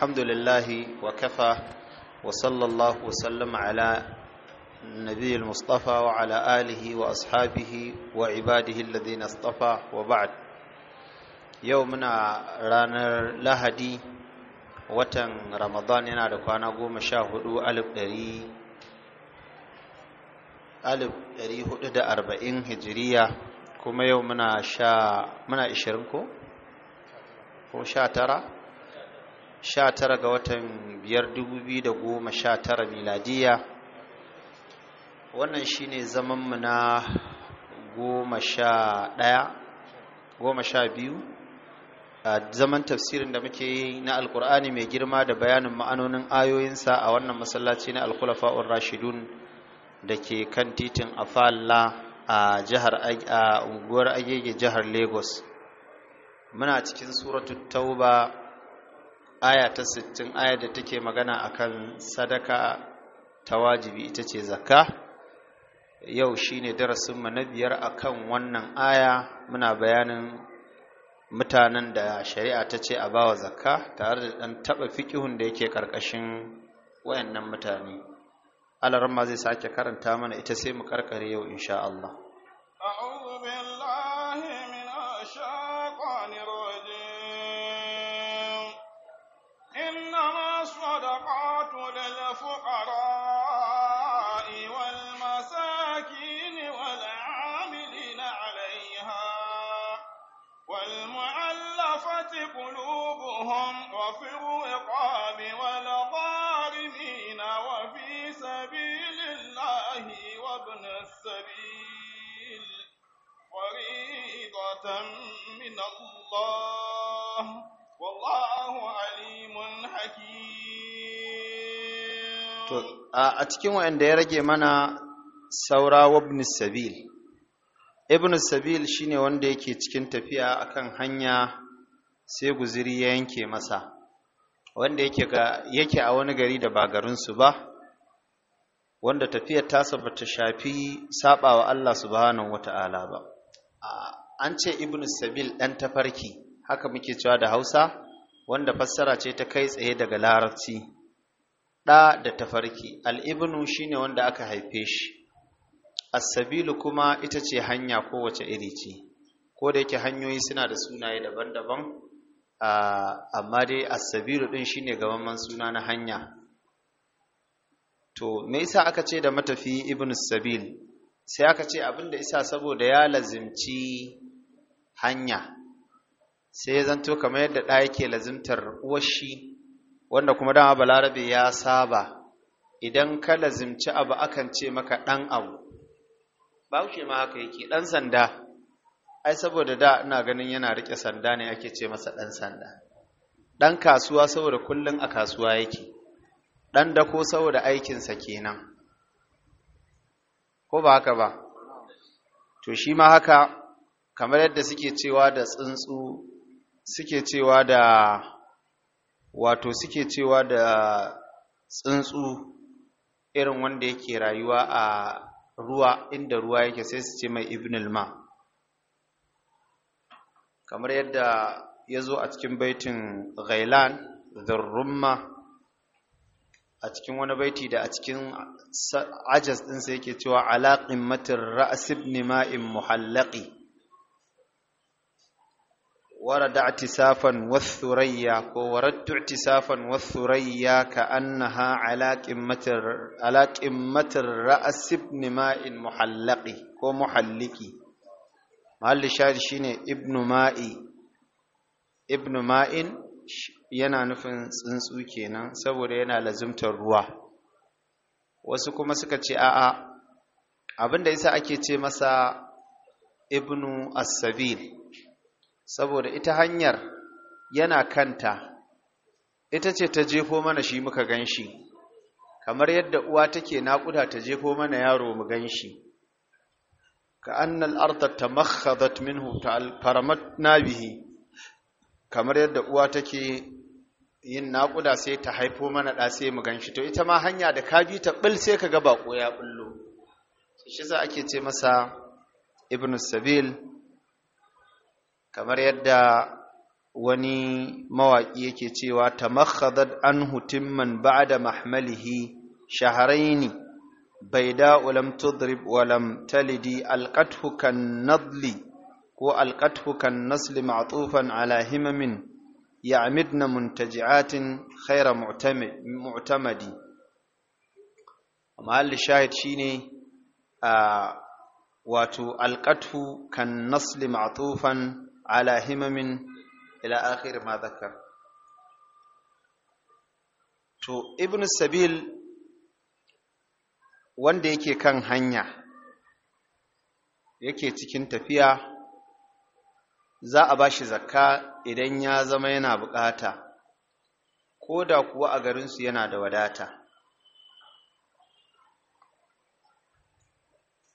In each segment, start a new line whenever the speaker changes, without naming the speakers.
الحمد لله وكفى وصلى الله وسلم على النبي المصطفى وعلى آله وأصحابه وعباده الذين اصطفى وبعد يومنا رانر لهدي watan ramadan yana da kwana goma sha hudu alif ɗari da arba'in hijiriya kuma yau muna tara? 19 ga watan 5,2019 miladiya wannan shine zamanmu na 11 biyu zaman tafsirin da muke yi na alkur'ani mai girma da bayanin ma'anonin ayoyinsa a wannan masallaci na alkulafa'un rashidun da ke kan titin afalla a jihar a unguwar agege jihar lagos muna cikin suratun tauba aya ta 60 aya da take magana akan sadaka ta wajibi ita ce zakka yau shine darasin mu na biyar akan wannan aya muna bayanin mutanen da shari'a ta ce a bawa zakka tare da ɗan taɓa fikihun da yake ƙarƙashin wayannan mutane alarma zai sake karanta mana ita sai mu karkare yau insha Allah
عن السبيل فريضة من
a cikin waɗanda ya rage mana saura wabni sabil ibn sabil shine wanda yake cikin tafiya kan hanya sai guziri ya yanke masa wanda yake a wani gari da ba garinsu ba wanda tafiyar tasa ba ta shafi saɓawa Allah subhanahu wata'ala ba an ce ibn sabil ɗan tafarki haka muke cewa da hausa wanda fassara ce ta kai tsaye daga larabci ɗa da tafarki Al-Ibnu shi shine wanda aka haife shi as kuma ita ce hanya kowace iri ce ko da yake hanyoyi suna da sunaye daban-daban amma dai as ɗin din shine gamamman suna na hanya to me yasa aka ce da matafi ibn sabil sai aka ce abin da isa saboda ya lazimci hanya sai ya zanto kamar yadda ɗa yake lazimtar uwashi wanda kuma dama balarabe ya saba idan ka lazimci abu akan ce maka ɗan abu ba bahaushe ma haka yake ɗan sanda ai saboda da ina ganin yana riƙe sanda ne ake ce masa ɗan sanda ɗan kasuwa saboda kullum a kasuwa yake ɗan ko saboda aikinsa kenan ko ba haka ba to shi ma haka kamar yadda suke cewa da tsuntsu suke cewa da wato suke cewa da tsuntsu irin wanda yake rayuwa a ruwa inda ruwa yake sai su ce mai ibnul ma kamar yadda ya zo a cikin baitin ghailan zurrumma a cikin wani baiti da a cikin ajas ɗinsa yake cewa ala qimmatir ra's ibn ma'in muhallaqi warada i'tisafan wathurayya ko waradtu i'tisafan wathurayya ka annaha ala qimmatir ala qimmatir ra's ibn ma'in muhallaqi ko muhalliki mahalli shahid shine ibn ma'i ibn ma'in yana nufin tsuntsu kenan saboda yana lazimtar ruwa wasu kuma suka ce a'a abin da yasa ake ce masa ibnu as-sabil saboda ita hanyar yana kanta ita ce ta jefo mana shi muka ganshi. kamar yadda uwa take naƙuda ta jefo mana yaro mu gan shi ka annal arda tamakhadhat minhu faramatna nabihi kamar yadda uwa take yin naƙuda sai ta haifo mana ɗa sai mu ganshi to ita ma hanya da ka bi ta ɓil sai ka ga baƙo ya ɓullo shi za ake ce masa ibn sabil kamar yadda wani mawaƙi yake cewa ta hutun anhu ba da mahmalihi shahraini baida da'ulam tudrib walam talidi alqathu kan nadli ko alqathu kan nasli ma'tufan ala himamin ya'midna muntaji'atin khaira mu'tamadi mahallin shahid shine a wato alqathu kan nasli ma'tufan ala himamin ila akhir ma dhakar to ibn sabil wanda yake kan hanya yake cikin tafiya za a bashi zakka idan ya zama yana bukata ko da kuwa a garinsu yana da wadata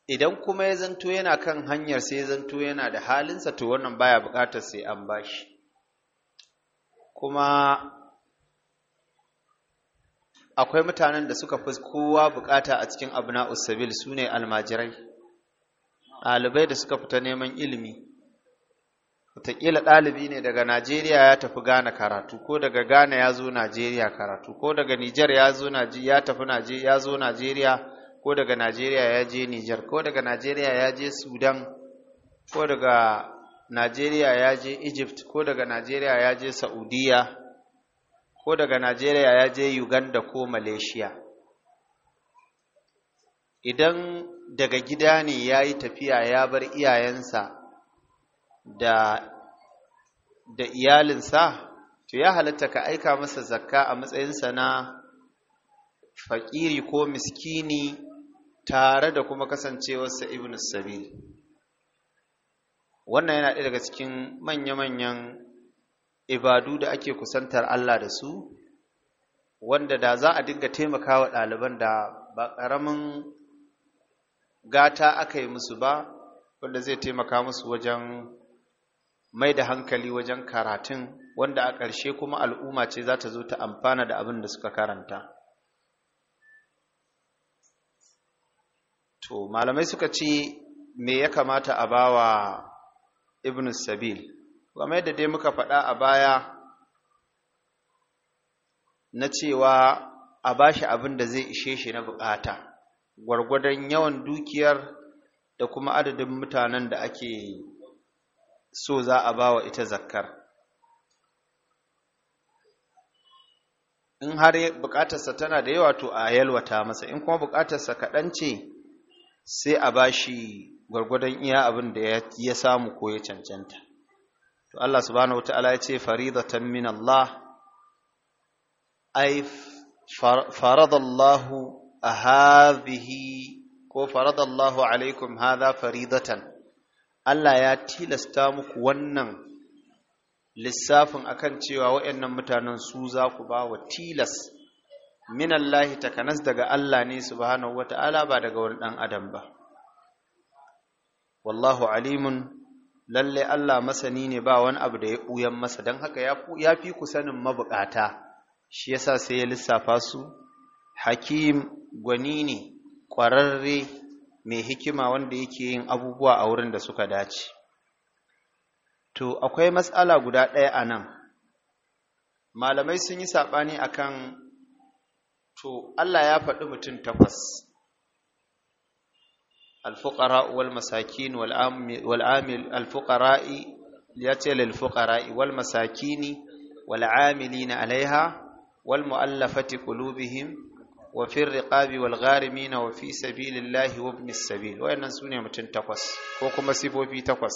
idan kuma ya zanto yana kan hanyar sai ya zanto yana da halinsa to wannan baya bukatar sai an bashi kuma akwai mutanen da suka fi kowa bukata a cikin abna usabil su ne almajirai ɗalibai da suka fita neman ilimi wataƙila ɗalibi ne daga Najeriya ya tafi Ghana karatu ko daga Ghana ya zo Najeriya karatu ko daga Nijar ya zo ya tafi ya zo Najeriya ko daga Najeriya ya je Nijar ko daga Najeriya ya je Sudan ko daga Najeriya ya je Egypt ko daga Najeriya ya je Saudiya ko daga Najeriya ya je Uganda ko Malaysia idan daga gida ne ya yi tafiya ya bar iyayensa da da iyalinsa to ya halatta ka aika masa zakka a matsayinsa na fakiri ko miskini tare da kuma kasancewarsa ibn sabil wannan yana ɗaya daga cikin manya-manyan ibadu da ake kusantar Allah da su wanda da za a dinga wa ɗaliban da ba ƙaramin gata aka yi musu ba wanda zai taimaka musu wajen mai da hankali wajen karatun wanda a ƙarshe kuma al'umma ce za ta zo ta amfana da abin da suka karanta to malamai suka ce me ya kamata a bawa ibn sabil game da dai muka faɗa a baya na cewa a bashi abin da zai ishe shi na bukata gwargwadon yawan dukiyar da kuma adadin mutanen da ake so za a ba wa ita zakkar in har bukatarsa tana da yawa to a yalwata masa in kuma bukatarsa kaɗan ce sai a ba shi gwargwadon iya abin da ya samu ko ya cancanta to Allah subhanahu wataala ya ce faridatan min Allah ay faradallahu hadhihi ko faradallahu alaikum hadha faridatan Allah ya tilasta muku wannan lissafin akan cewa waɗannan mutanen su za ku ba wa tilas minallahi takanas daga Allah ne wata wata'ala ba daga wani ɗan adam ba wallahu alimun lalle Allah masani ne ba wani abu da ya ɓuyan masa don haka ya fi ku sanin mabukata shi ya sa sai ya lissafa su hakim gwani ne ƙwararre mai hikima wanda yake yin abubuwa a wurin da suka dace to akwai matsala guda ɗaya a nan malamai sun yi saɓani a kan. to Allah ya faɗi mutum takwas الفقراء والمساكين والعامل الفقراء يتل الفقراء na alaiha wal mu'allafati قلوبهم wa fi riqabi wal gharimin wa fi sabilillahi wa ibn sabil sune mutum takwas ko kuma sifofi takwas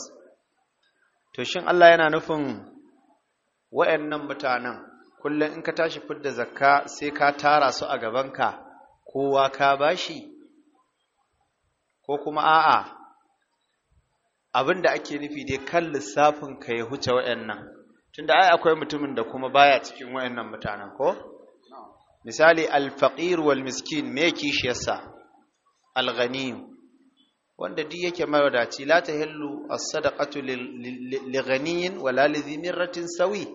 to shin Allah yana nufin wayannan mutanen kullum in ka tashi fidda zakka sai ka tara su a gabanka kowa ka bashi ko kuma a'a abinda ake nufi dai kan lissafin ka ya huce wayannan tunda ai akwai mutumin da kuma baya cikin wayannan mutanen ko misali alfaqir wal miskin ya kishiyarsa alghani wanda duk yake mawadaci la tahillu as-sadaqatu li ghaniyin wala li dhimirratin sawi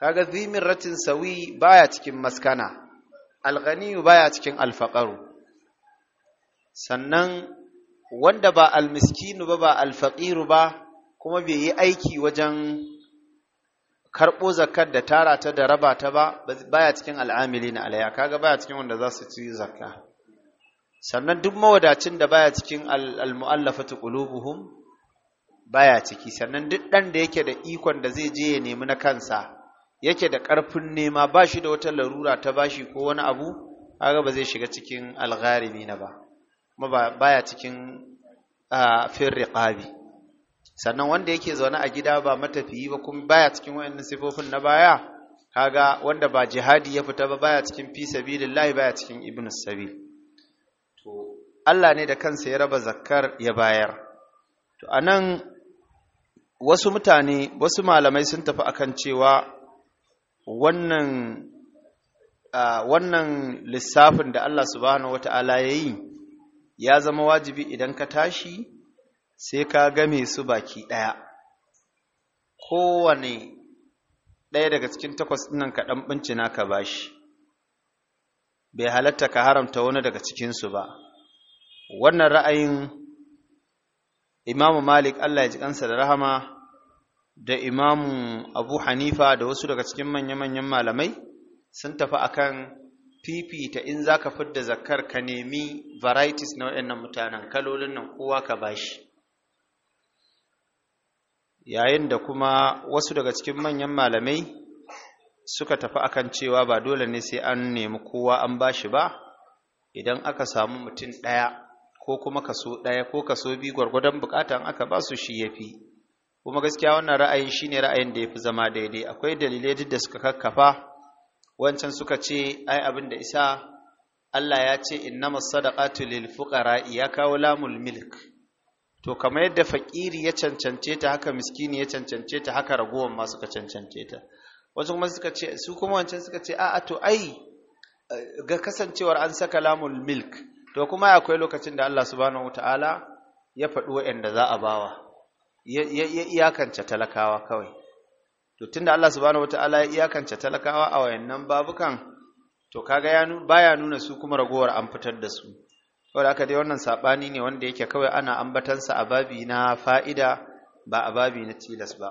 kaga dhimirratin sawi baya cikin maskana alghani baya cikin alfaqaru sannan wanda ba almiskinu ba ba alfaqiru ba kuma bai yi aiki wajen karɓo zakar da tara ta da raba ta ba baya cikin al'amili na alaya kaga baya cikin wanda za su ci zakka sannan duk mawadacin da baya cikin al-mu'allafatu qulubuhum baya ciki sannan duk dan da yake da ikon da zai je ya nemi na kansa yake da ƙarfin nema ba shi da wata larura ta bashi ko wani abu kaga ba zai shiga cikin algharimi na ba kuma baya cikin ah, riqabi sannan wanda yake zaune a gida ba matafiyi ba kuma baya cikin wayan sifofin na baya kaga wanda ba jihadi ya fita ba baya cikin fi sabilillahi baya cikin ibnu sabil to Allah ne da kansa ya raba zakkar ya bayar to anan wasu mutane wasu malamai sun tafi akan cewa wannan wannan lissafin da Allah subhanahu wata'ala ya yi ya zama wajibi idan ka tashi sai ka game su baki ɗaya kowane ɗaya daga cikin takwas ɗinnan ka ɗan bincina ka bashi bai halatta ka haramta wani daga cikinsu ba wannan ra'ayin imamu malik allah ya ji ƙansa da rahama da imamu abu hanifa da wasu daga cikin manya-manyan malamai sun tafi akan fifita in za ka fidda zakar ka nemi varieties na waɗannan mutanen kalolin nan kowa ka bashi yayin da kuma wasu daga cikin manyan malamai suka tafi akan cewa ba dole ne sai an nemi kowa an bashi ba idan aka samu mutum ɗaya ko kuma kaso ɗaya ko kaso biyu gwargwadon bukatan aka ba su shi ya fi kuma gaskiya wannan ra'ayin shi ne ra'ayin da ya fi zama daidai akwai dalilai duk da suka kakkafa wancan suka ce ai abin da isa Allah ya ce innamas sadaqatu lil fuqara ya kawo lamul milk to kamar yadda fakiri ya cancance ta haka miskini ya cancance ta haka ragowar ma suka cancance ta wasu kuma suka ce su kuma wancan suka ce a'a to ai ga kasancewar an saka lamul milk to kuma akwai lokacin da Allah subhanahu wataala ya faɗi wa'anda za a bawa ya iyakance talakawa kawai to tunda Allah subhanahu wataala ya iyakance talakawa a wayannan babukan to kaga ya baya nuna su kuma ragowar an fitar da su Wadda aka dai wannan saɓani ne wanda yake kawai ana ambatansa a babi na fa'ida ba a babi na tilas ba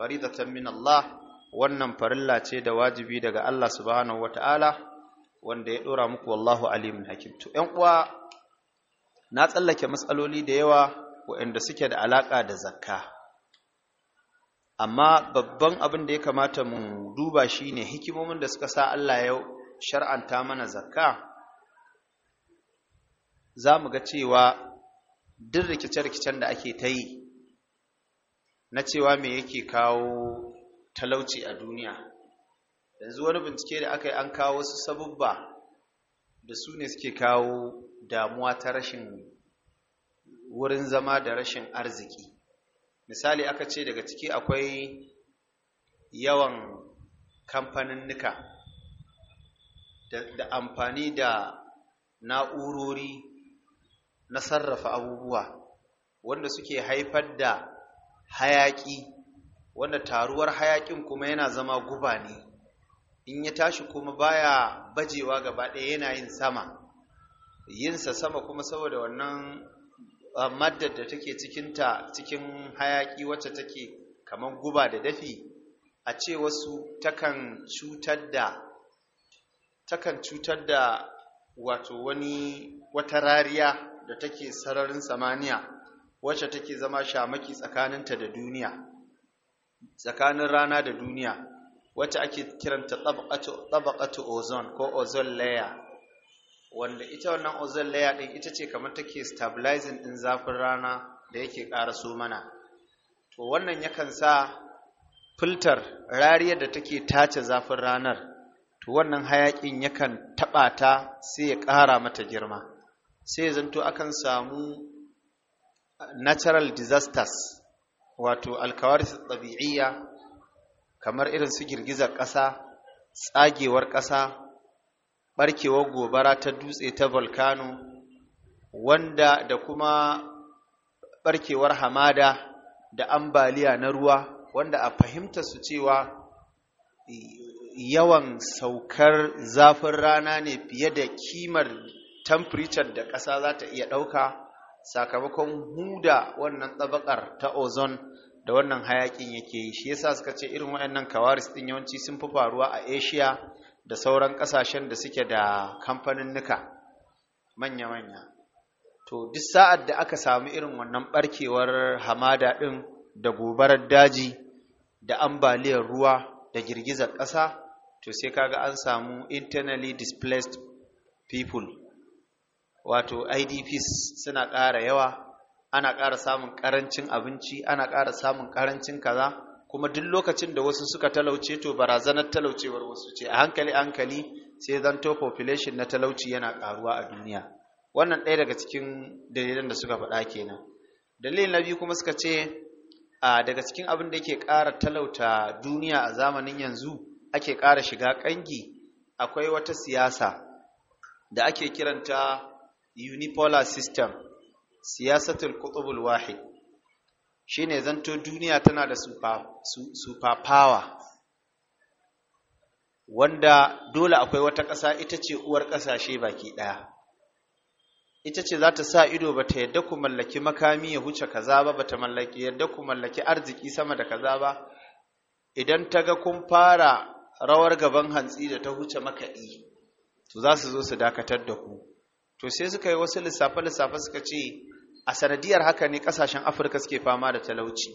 faridatan min Allah wannan farilla ce da wajibi daga Allah subhanahu wata'ala wanda ya ɗora muku wallahu alimun hakim to uwa na tsallake matsaloli da yawa waɗanda suke da alaƙa da zakka amma babban abin da ya kamata mu duba shi ne hikimomin da suka sa Allah ya shar'anta mana zakka za mu ga cewa duk rikice-rikicen da ake ta yi na cewa me yake kawo talauci a duniya yanzu wani bincike da aka yi an kawo wasu sabubba da su ne suke kawo damuwa ta rashin wurin zama da rashin arziki misali aka ce daga ciki akwai yawan kamfanin kamfaninnika da amfani da na'urori na sarrafa abubuwa wanda suke haifar da hayaƙi wanda taruwar hayaƙin kuma yana zama guba ne in ya tashi kuma baya bajewa gaba ɗaya yana yin sama yinsa sama kuma saboda wannan ah, maddar da take cikinta cikin hayaƙi wacce take kamar guba da dafi a ce wasu takan cutar da takan cutar da wato wani wata rariya da take sararin samaniya wacce take zama shamaki tsakaninta da duniya tsakanin rana da duniya wacce ake kiranta tabaqatu ozone ko ozone layer wanda ita wannan ozone layer din ita ce kamar take stabilizing din zafin rana da yake ƙaraso mana to wannan yakan sa filtar rariyar da take tace zafin ranar to wannan hayakin yakan taɓa ta sai ya ƙara mata girma sai zanto akan samu natural disasters wato alkawar ɗabi'iyya kamar irin su girgizar ƙasa tsagewar ƙasa ɓarkewar gobara ta dutse ta volcano wanda da kuma ɓarkewar hamada da ambaliya na ruwa wanda a fahimta su cewa yawan saukar zafin rana ne fiye da kimar temperature da ƙasa za ta iya ɗauka sakamakon huda wannan tsabakar ta ozon da wannan hayakin yake yi shi yasa suka ce irin waɗannan kawaris ɗin yawanci sun fi faruwa a asia da sauran ƙasashen da suke da kamfaninnika manya-manya to duk sa'ad da aka samu irin wannan ɓarkewar hamada ɗin da gobarar daji da ambaliyar ruwa da girgizar ƙasa to sai kaga an samu internally displaced people wato idps suna ƙara yawa ana ƙara samun ƙarancin abinci ana ƙara samun ƙarancin kaza kuma duk lokacin da wasu suka talauce to barazanar talaucewar wasu ce a hankali hankali sai zanto population na talauci yana ƙaruwa a duniya wannan ɗaya daga cikin dalilan da suka faɗa kenan dalilin na biyu kuma suka ce a daga cikin abin da yake ƙara talauta duniya a zamanin yanzu ake ƙara shiga ƙangi akwai wata siyasa da ake kiranta unipolar system siyasatul qutbul wahid shine zanto duniya tana da super, super power wanda dole akwai wata ƙasa ita ce uwar ƙasashe baki ɗaya ita ce za ta sa ido ba ta yadda ku mallaki makami ya huce kaza ba ba ta mallaki yadda ku mallaki arziki sama da kaza ba idan ta ga kun fara rawar gaban hantsi da ta huce makaɗi to za su zo su dakatar da ku to sai suka yi wasu lissafe-lissafe suka ce a sanadiyar haka ne kasashen afirka suke fama da talauci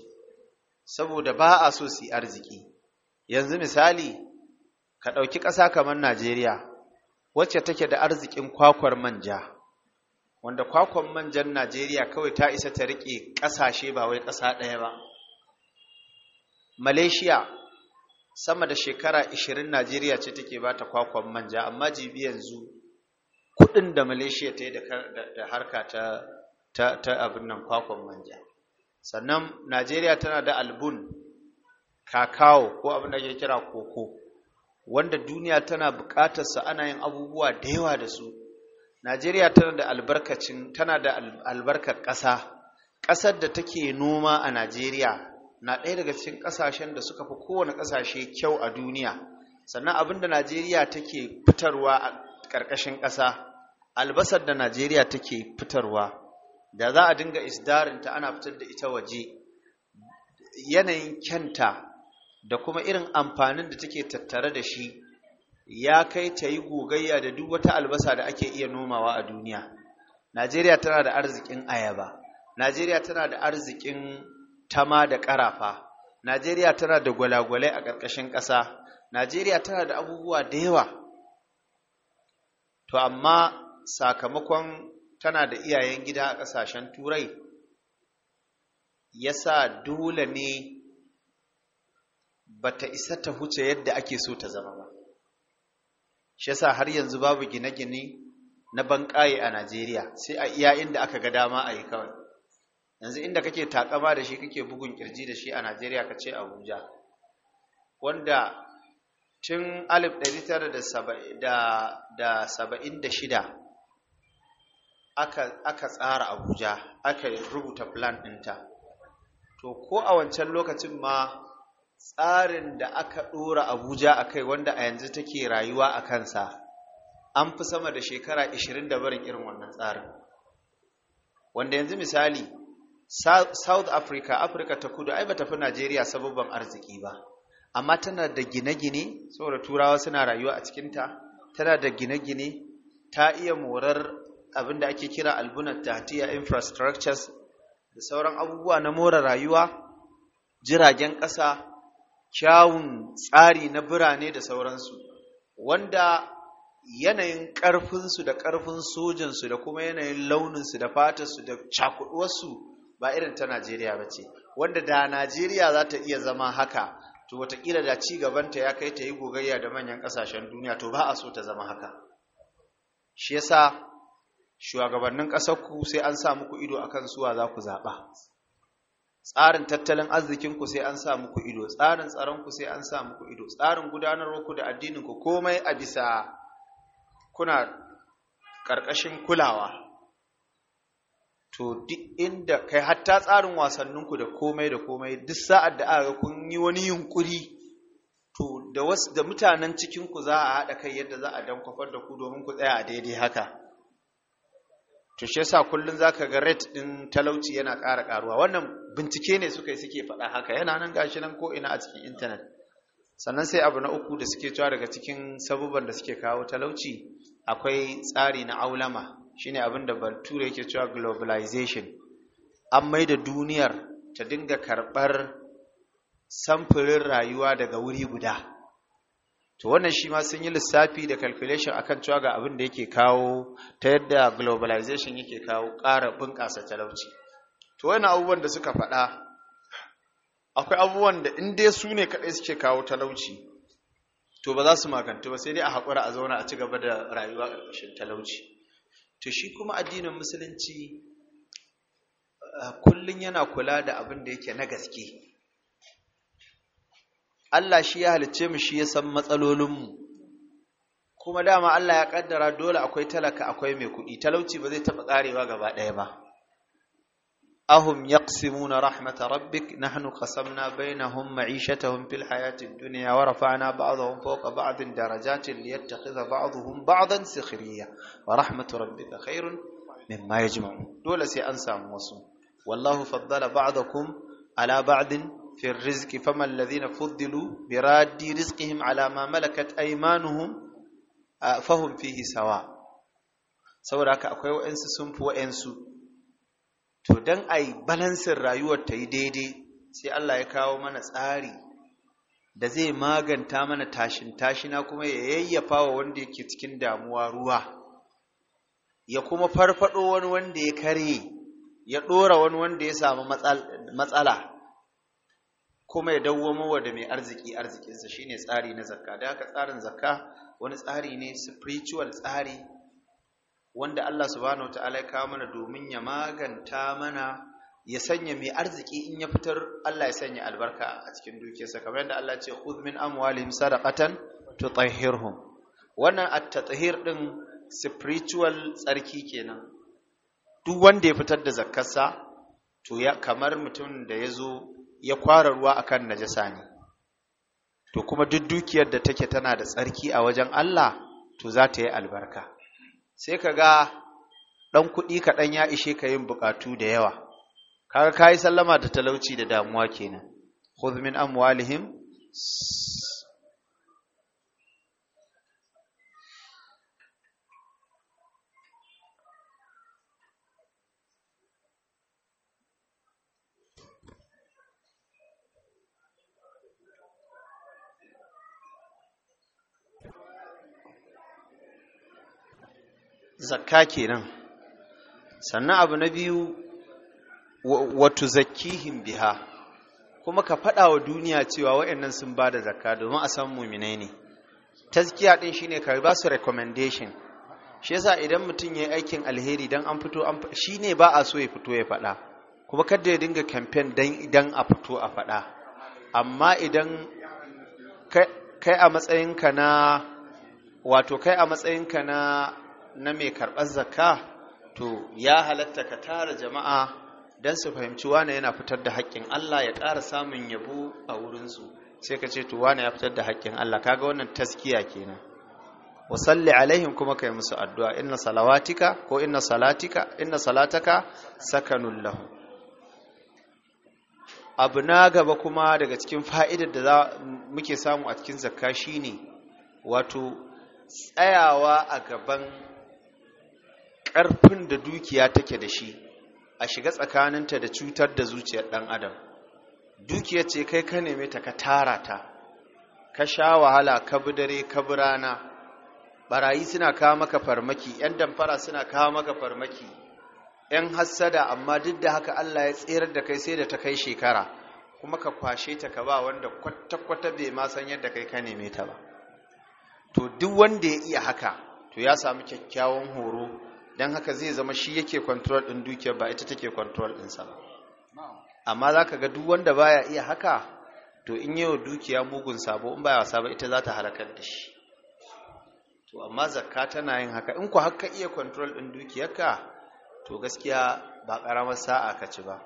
saboda ba a so su yi arziki yanzu misali ka ɗauki ƙasa kamar najeriya wacce take da arzikin kwakwar manja wanda kwakwar manjan najeriya kawai ta isa ta riƙe ƙasashe ba wai ƙasa ɗaya ba malaysia sama da shekara 20 najeriya ce take ba ta kwakwar manja amma jibi yanzu kuɗin da malaysia ta yi da harka ta abin nan kwakwan manja sannan najeriya tana da albun kakao ko abin da ke kira koko wanda duniya tana sa ana yin abubuwa da yawa da su najeriya tana da albarkacin tana da albarkar ƙasa ƙasar da take noma a najeriya na ɗaya daga cikin ƙasashen da suka fi kowane ƙasashe kyau a duniya sannan abin da najeriya take fitarwa a ƙarƙashin ƙasa albasar da Najeriya take fitarwa da za a dinga isdarinta ana fitar da ita waje yanayin kyanta da kuma irin amfanin da take tattare da shi ya kai ta yi gogayya da duk wata albasa da ake iya nomawa a duniya Najeriya tana da arzikin ayaba Najeriya tana da arzikin tama da ƙarafa Najeriya tana da gwalagwalai a ƙarƙashin ƙasa Najeriya tana da abubuwa da yawa to amma sakamakon tana da iyayen gida a ƙasashen turai ya sa dole ne ba ta isa ta huce yadda ake so ta zama ba shi yasa har yanzu babu gine-gine na banƙaye a najeriya sai a iya inda aka ga dama a yi kawai yanzu inda kake takama da shi kake bugun kirji da shi a najeriya ka ce abuja wanda tun 1976 aka, tsara abuja aka rubuta plan ɗinta to ko a wancan lokacin ma tsarin da aka ɗora abuja a kai wanda a yanzu take rayuwa a kansa an fi sama da shekara 20 da barin irin wannan tsarin wanda yanzu misali south africa afirka ta kudu ai bata fi najeriya sababban arziki ba amma tana da gine-gine saboda turawa suna rayuwa a cikinta tana da gine-gine ta iya morar abinda ake kira albunan tatiya infrastructures da sauran abubuwa na more rayuwa jiragen ƙasa kyawun tsari na birane da sauransu wanda yanayin ƙarfinsu da ƙarfin sojansu da kuma yanayin launinsu da fatarsu da cakuɗuwarsu ba irin ta najeriya ba ce wanda da najeriya za ta iya zama haka to watakila da ci gabanta ya kai ta yi gogayya da manyan ƙasashen duniya to ba a so ta zama haka shi yasa shugabannin ƙasarku sai an sa muku ido akan suwa za ku zaɓa tsarin tattalin arzikinku sai an sa muku ido tsarin tsaronku sai an sa muku ido tsarin gudanarwarku da addininku komai a bisa kuna ƙarƙashin kulawa to duk inda kai hatta tsarin wasanninku da komai da komai duk sa'ad da aka kun yi wani yunkuri to da wasu da mutanen cikinku za a haɗa kai yadda za a dankwafar da ku domin ku tsaya a daidai haka to shi yasa kullun zaka ga rate din talauci yana ƙara ƙaruwa wannan bincike ne suka yi suke faɗa haka yana nan gashi nan ko ina a cikin intanet. sannan sai abu na uku da suke cewa daga cikin sabuban da suke kawo talauci akwai tsari na aulama shine abin da bature yake cewa globalization an maida duniyar ta dinga karɓar samfurin rayuwa daga wuri guda to wannan shi ma sun yi lissafi da calculation akan cewa ga abin da yake kawo ta yadda globalization yake kawo ƙara bunƙasa talauci to wani abubuwan da suka faɗa akwai abubuwan da in dai su ne kaɗai suke kawo talauci to ba za su magantu ba sai dai a haƙura a zauna a ci gaba da rayuwa ƙarƙashin talauci to shi kuma addinin musulunci kullum yana kula da abin da yake na gaske Allah shi ya halicce mu shi ya san matsalolinmu kuma dama Allah ya kaddara dole akwai talaka akwai mai kuɗi talauci ba zai taɓa ƙarewa gaba ɗaya ba ahum yaqsimuna rahmata rabbik nahnu qasamna bainahum ma'ishatahum fil hayatid dunya wa rafa'na ba'dahum fawqa ba'din darajatin liyattakhidha ba'dahum ba'dan sikhriya wa rahmatu rabbika khairun mimma yajma'un dole sai an samu wasu wallahu faddala ba'dakum ala ba'din fi rizqi faman alladhina fuddilu bi raddi rizqihim ala ma malakat aymanuhum fahum fihi sawa saboda haka akwai wa'ansu sun fi wa'ansu to dan ai balansin rayuwar ta yi daidai sai Allah ya kawo mana tsari da zai maganta mana tashin tashina kuma ya yayyafa wa wanda yake cikin damuwa ruwa ya kuma farfado wani wanda ya kare ya ɗora wani wanda ya samu matsala kuma ya dawwamo wa da mai arziki arzikinsa shine tsari na zakka da haka tsarin zakka wani tsari ne spiritual tsari wanda Allah subhanahu wataala ya kawo mana domin ya maganta mana ya sanya mai arziki in ya fitar Allah ya sanya albarka a cikin dukiyarsa kamar yadda Allah ya ce khudh min amwalihim sadaqatan tutahhirhum wannan at-tathhir din spiritual tsarki kenan duk wanda ya fitar da zakkarsa to ya kamar mutum da ya zo ya kwara ruwa a kan najasa ne to kuma duk dukiyar da take tana da tsarki a wajen Allah to za ta yi albarka sai ka ga ɗan kuɗi kaɗan ya ishe ka yin buƙatu da yawa kaga ka yi sallama da talauci da damuwa kenan khudh min amwalihim zakka kenan sannan abu na biyu wato zakihin biha kuma ka faɗa wa duniya cewa wa'annan sun ba da zakka domin a san muminai ne taskiya ɗin shine ka ba su recommendation shi yasa idan mutum ya yi aikin alheri dan an fito an shi ne ba a so ya fito ya faɗa kuma kada ya dinga campaign dan idan a fito a faɗa amma idan kai a matsayinka na wato kai a matsayinka na na mai karɓar zakka to ya halatta ka tara jama'a don su fahimci wane yana fitar da haƙƙin Allah ya ƙara samun yabo a wurinsu sai ka ce to wane ya fitar da haƙƙin Allah kaga wannan taskiya kenan wa salli alaihim kuma kai musu addu'a inna salawatika ko inna salatika inna salataka sakanun lahu abu na gaba kuma daga cikin fa'idar da muke samu a cikin zakka shine wato tsayawa a gaban ƙarfin da dukiya take da shi a shiga tsakaninta da cutar da zuciyar ɗan adam dukiya ce kai ka neme ta ka tara ta ka sha wahala ka bi dare ka bi rana barayi suna kawo maka farmaki ‘yan damfara suna kawo maka farmaki ‘yan hassada amma duk da haka Allah ya tserar da kai sai da ta kai shekara kuma ka kwashe ta ka ba wanda kwata-kwata bai ma san yadda kai ka neme ta ba to duk wanda ya iya haka to ya samu kyakkyawan horo don haka zai zama shi yake control ɗin dukiyar ba ita take control ɗinsa ba amma za ka ga duk wanda baya iya haka to in yi wa dukiya mugun sabo in baya wasa ba ita za ta halakar da shi to amma zakka tana yin haka in ku haka iya control ɗin dukiyarka to gaskiya ba ƙaramar sa'a ka ci ba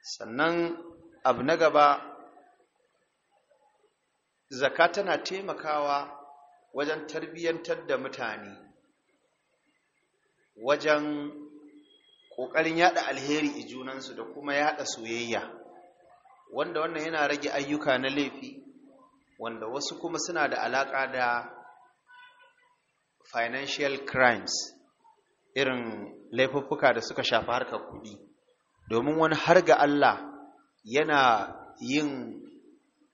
sannan abu na gaba Zakka tana taimakawa wajen tarbiyyantar da mutane wajen ƙoƙarin yaɗa alheri a junansu da kuma yaɗa soyayya wanda wannan yana rage ayyuka na laifi wanda wasu kuma suna da alaƙa da financial crimes irin laifuffuka da suka shafi harkar kuɗi domin wani har ga Allah yana yin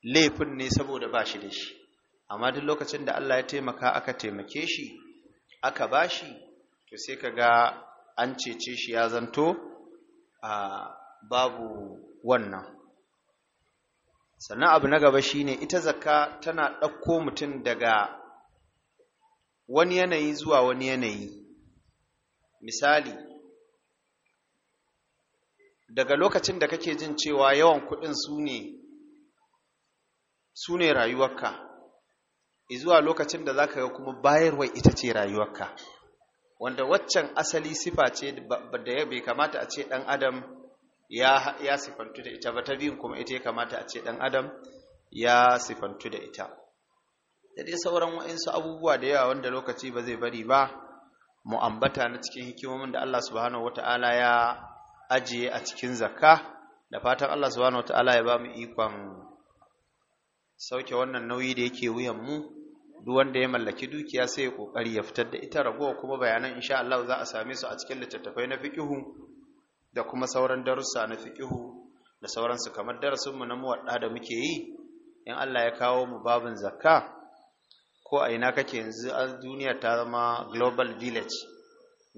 laifin ne saboda ba shi da shi amma duk lokacin da Allah ya taimaka aka taimake shi aka ba shi to sai ka ga an cece shi ya zanto a babu wannan sannan abu na gaba shine ita zakka tana ɗauko mutum daga wani yanayi zuwa wani yanayi misali daga lokacin da kake jin cewa yawan kuɗin su ne su ne rayuwarka zuwa lokacin da za ka ga kuma bayarwa ita ce rayuwarka wanda waccan asali sifa ce da ya bai kamata a ce ɗan adam ya sifantu da ita ba ta biyun kuma ita ya kamata a ce ɗan adam ya sifantu da ita da dai sauran wa'insu abubuwa da yawa wanda lokaci ba zai bari ba mu ambata na cikin hikimomin da Allah subhanahu wata'ala ya ajiye a cikin zakka da fatan Allah subhanahu wata'ala ya ba mu ikon sauke wannan nauyi da yake wuyan mu duk wanda ya mallaki dukiya sai ya kokari ya fitar da ita ragowa kuma bayanan insha Allah za a same su a cikin littattafai na fiqihu da kuma sauran darussa na fiqihu da sauran su, kamar darasin mu na muwadda da muke yi in Allah ya kawo mu babin zakka ko a ina kake yanzu duniya ta zama global village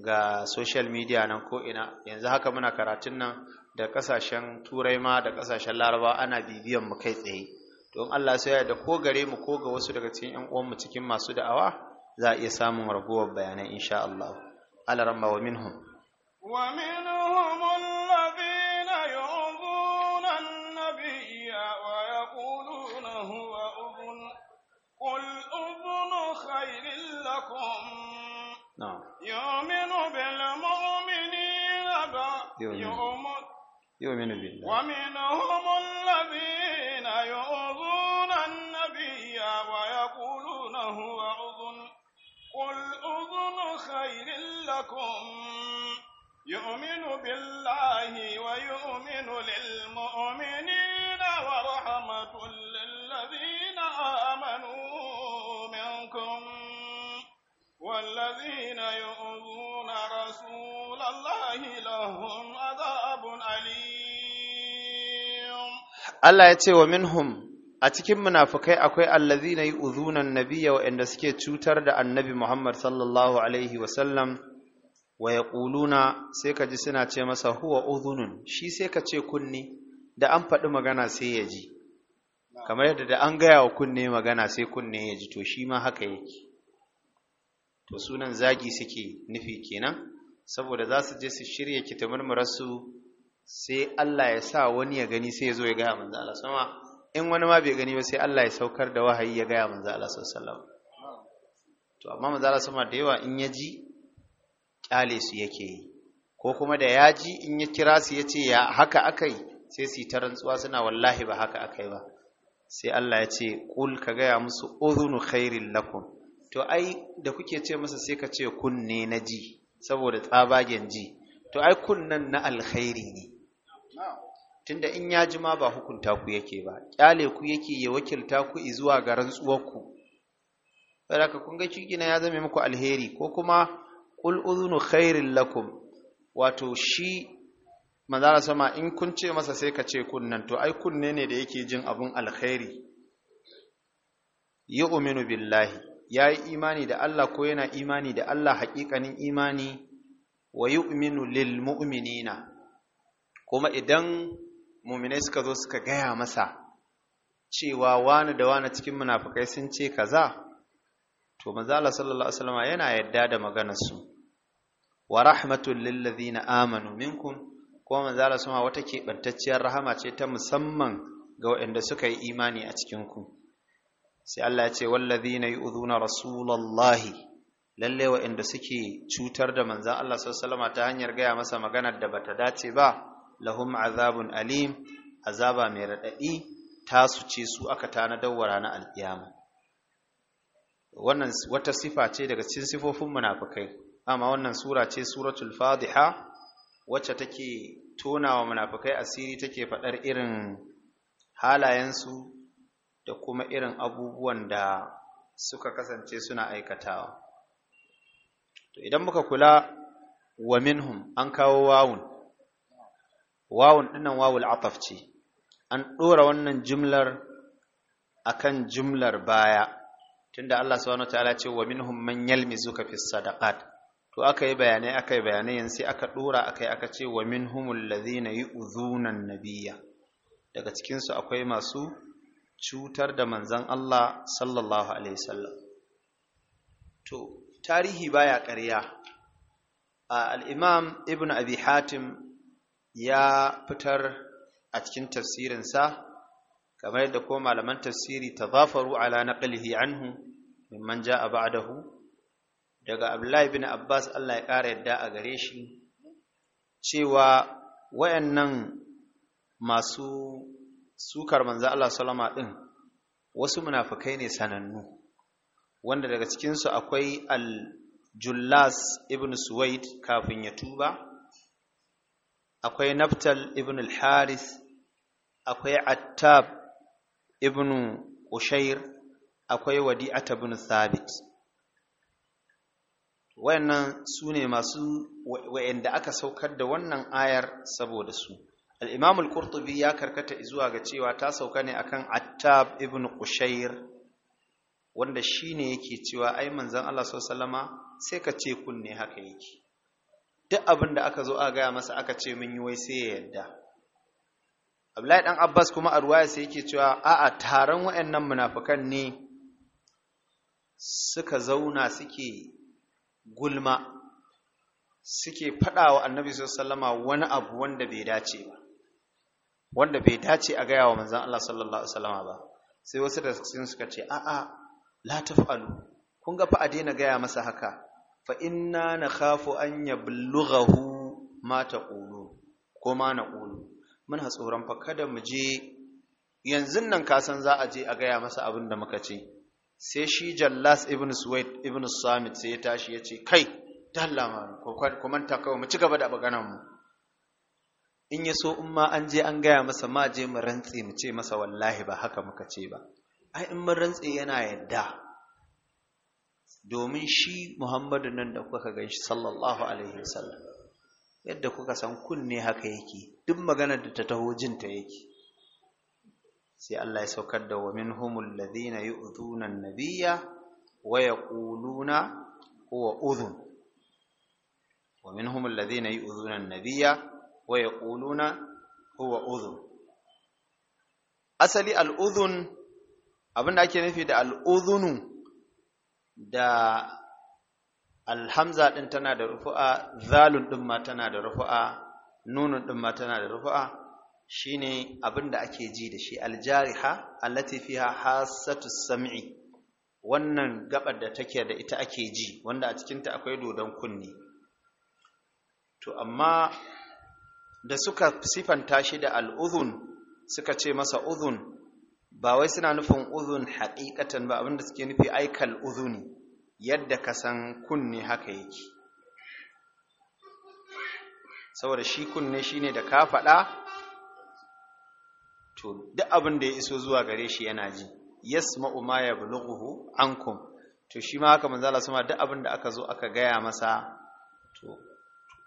ga social media nan ko ina yanzu haka muna karatun nan da kasashen turai ma da kasashen laraba ana bibiyan mu kai tsaye don Allah sai da ko gare mu ko ga wasu daga cikin ƴan uwanmu cikin masu da'awa za a iya samun ragowar bayanai insha Allah alaramma wa minhum
wa minhum alladhina yu'dhuna an-nabiyya wa yaquluna huwa udhun qul udhun khayril lakum na'am yu'minu bil mu'minina
yu'minu billah wa
minhum خير لكم يؤمن بالله ويؤمن للمؤمنين ورحمة للذين آمنوا منكم والذين يؤذون رسول الله لهم عذاب أليم
الله يتي ومنهم a cikin munafukai akwai allazina yu'zuna nabiya wa inda suke cutar da annabi Muhammad sallallahu alaihi wa sallam wa yaquluna sai ji suna ce masa huwa udhunun shi sai ka ce kunni da an faɗi magana sai ya ji kamar yadda da an gaya wa kunne magana sai kunne ya ji to shi ma haka yake to sunan zagi suke nufi kenan saboda za su je su shirya kitamurmurarsu sai Allah ya sa wani ya gani sai ya zo ya gaya manzo Allah sama in wani ma bai gani ba sai Allah ya saukar da wahayi ya gaya manzo Allah sallallahu alaihi to amma manzo Allah sama da yawa in ya ji kyale su yake yi ko kuma da ya ji in ya kira su ya ce ya haka akai sai su ta rantsuwa suna wallahi ba haka akai ba sai Allah ya ce kul ka gaya musu udhunu khairin lakum to ai da kuke ce masa sai ka ce kunne na ji saboda tsabagen ji to ai kunnan na alkhairi ne tunda in ya ji ma ba hukunta ku yake ba kyale ku yake ya wakilta ku zuwa ga rantsuwar ku saboda kun ga shi ya zame muku alheri ko kuma qul udhunu khairin lakum wato shi manzara sama in kun ce masa sai ka ce kunnan to ai kunne ne da yake jin abun alkhairi yu'minu billahi yayi imani da Allah ko yana imani da Allah haƙiƙanin imani wa yu'minu lil mu'minina kuma idan muminai suka zo suka gaya masa cewa wani da wani cikin munafukai sun ce kaza to manzo sallallahu alaihi yana yadda da maganar su wa rahmatul lil ladina amanu minkum kuma manzo sama wata kebantacciyar rahama ce ta musamman ga waɗanda suka yi imani a cikin ku sai Allah ya ce wallazina yu'dhuna rasulullahi lalle waɗanda suke cutar da manzon Allah sallallahu alaihi ta hanyar gaya masa maganar da bata dace ba lahum azabun alim azaba mai raɗaɗi tasu ce su aka tana wa ranar alƙiyama wannan wata sifa ce daga cikin sifofin munafikai amma wannan sura ce suratul fadiha wacce take tonawa munafikai asiri take faɗar irin halayensu da kuma irin abubuwan da suka kasance suna aikatawa to idan muka kula wa minhum an kawo wawun wawun ɗinnan wawul ataf ce an ɗora wannan jumlar akan jumlar baya tunda Allah subhanahu wataala ce wa minhum man yalmizuka fi sadaqat to aka yi bayanai aka yi bayanai yanzu sai aka ɗora aka yi aka ce wa minhumul ladhina yu'dhuna an-nabiyya daga cikin su akwai masu cutar da manzon Allah sallallahu alaihi wasallam to tarihi baya ƙarya al-imam ibnu abi hatim ya fitar a cikin tafsirinsa kamar yadda ko malaman tafsiri ta tazafaru ala naqlihi anhu mimman jaa ba'dahu daga Abdullahi bin Abbas Allah ya ƙara yadda a gare shi cewa wayannan masu sukar manzo Allah sallama din wasu munafukai ne sanannu wanda daga cikinsu akwai al-Jullas ibn Suwaid kafin ya tuba akwai naftal ibn al-haris akwai attab ibn ushair akwai wadi'ata ibn Sabit. wayannan sune masu wayanda aka saukar da wannan ayar saboda su al-imam al-qurtubi ya karkata zuwa ga cewa ta sauka ne akan attab ibn ushair wanda shine yake cewa ai manzon Allah sallallahu alaihi wasallama sai ka ce kunne haka yake duk abin da aka zo a gaya masa aka ce mun yi wai sai ya yadda abdullahi ɗan abbas kuma a ruwaya sai yake cewa a taron wayannan munafukan ne suka zauna suke gulma suke faɗa wa annabi sallama wani abu wanda bai dace ba wanda bai dace a gaya wa manzon Allah sallallahu alaihi ba sai wasu da suka ce a la taf'alu kun ga fa a daina gaya masa haka fa inna khafu an yablughahu ma taqulu ko ma naqulu muna tsoron fa kada mu je yanzu nan ka san za a je a gaya masa abin da muka ce sai shi Jallas ibn Suwaid ibn Samit sai ya tashi ya ce kai dallama ko kuma ta kawai mu ci gaba da abaganan mu in ya so in ma an je an gaya masa ma je mu rantse mu ce masa wallahi ba haka muka ce ba ai in mun rantse yana yadda domin shi Muhammadu nan da kuka gan shi sallallahu alaihi wasallam yadda kuka san kunne haka yake duk maganar da ta taho jinta yake sai Allah ya saukar da wa minhumul ladhina yu'dhuna an-nabiyya wa yaquluna huwa udhun wa minhumul ladhina yi an Nabiya wa yaquluna huwa udhun asali al'udun abin abinda ake nufi da al'udunu. da alhamza ɗin tana da rufu'a zalun ɗin ma tana da rufu'a nunun ɗin ma tana da rufu'a shine abin da ake ji da shi aljariha allati fiha hasatu sam'i wannan gabar da take da ita ake ji wanda a cikin ta akwai dodon kunni to amma da suka sifanta shi da al'udhun suka ce masa udhun ba wai suna nufin uzun haƙiƙatan ba abinda suke nufi aikal uzuni yadda ka san kunne haka yake saboda shi kunne shine da ka faɗa to duk abin da ya iso zuwa gare shi yana ji yasma'u ma yablughu ankum to shi ma haka manzala Allah duk abin da aka zo aka gaya masa to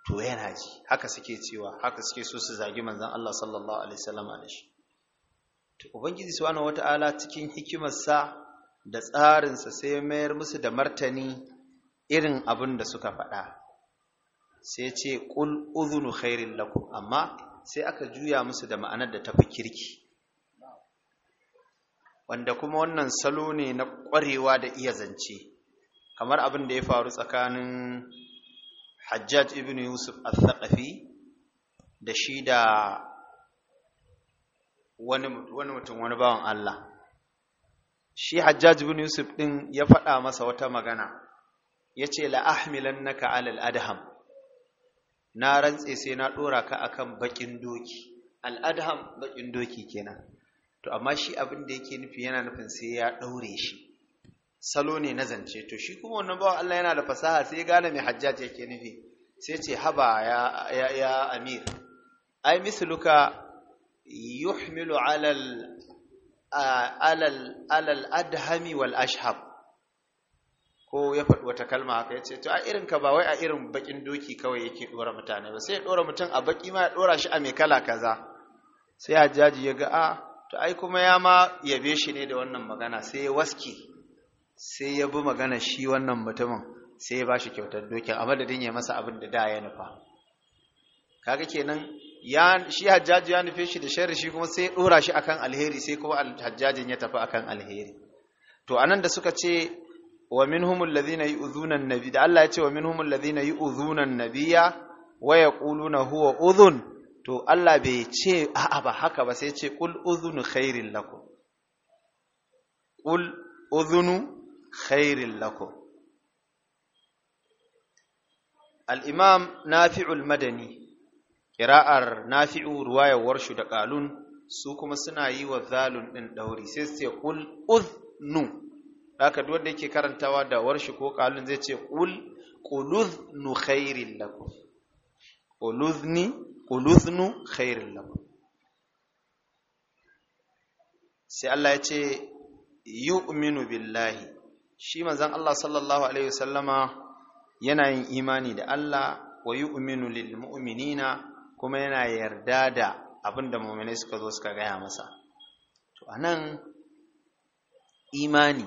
to yana ji haka suke cewa haka suke so su zagi manzon Allah sallallahu alaihi wasallam da to ubangiji subhanahu wata'ala cikin hikimarsa da tsarinsa sai mayar musu da martani irin abin da suka faɗa sai ce qul udhunu khairin lakum amma sai aka juya musu da ma'anar da tafi kirki wanda kuma wannan salo ne na ƙwarewa da iya zance kamar abin da ya faru tsakanin Hajjaj ibn Yusuf al-Thaqafi da shi da wani mutum wani bawan Allah shi Hajjaj bin Yusuf din ya faɗa masa wata magana yace la ahmilannaka alal adham na rantse sai na dora ka akan bakin doki al adham bakin doki kenan to amma shi abin da yake nufi yana nufin sai ya daure shi salo ne na zance to shi kuma wannan bawan Allah yana da fasaha sai ya gane mai Hajjaj yake nufi sai ce haba ya ya, ya amir ai misluka yuhmilu alal alal alal adhami wal ashhab ko ya faɗi wata kalma haka ce, to a irin kabawai ba wai a irin bakin doki kawai yake ɗora mutane ba sai ya ɗora mutum a baki ma ya dora shi a mai kala kaza sai jaji ya ga to ai kuma ya ma yabe shi ne da wannan magana sai ya waski sai ya bi magana shi wannan mutumin sai ya bashi kyautar dokin a madadin ya masa abin da da ya nufa kaga kenan ya shi hajjaji ya nufe shi da sharri shi kuma sai ya dora shi akan alheri sai kuma hajjajin ya tafi akan alheri to anan da suka ce wa minhumul ladhina yu'dhuna an-nabi da Allah ya ce wa minhumul yi yu'dhuna an-nabiyya wa yaquluna huwa udhun to Allah bai ce a'a ba haka ba sai ce qul udhunu khairin lakum qul udhunu khairin lakum al-imam nafi'ul madani ƙira'ar nafi'u ruwayar warshu da ƙalun su kuma suna yi wa zalun ɗin ɗauri sai su ce ƙul uznu haka duk wanda yake karantawa da warshu ko ƙalun zai ce ƙul ƙuluznu khairin lakum ƙuluzni ƙuluznu khairin lakum sai Allah ya ce yu'minu billahi shi manzon Allah sallallahu alaihi wasallama yana yin imani da Allah wa yu'minu lil mu'minina kuma yana yarda da abin da muminai suka zo suka gaya masa to a nan imani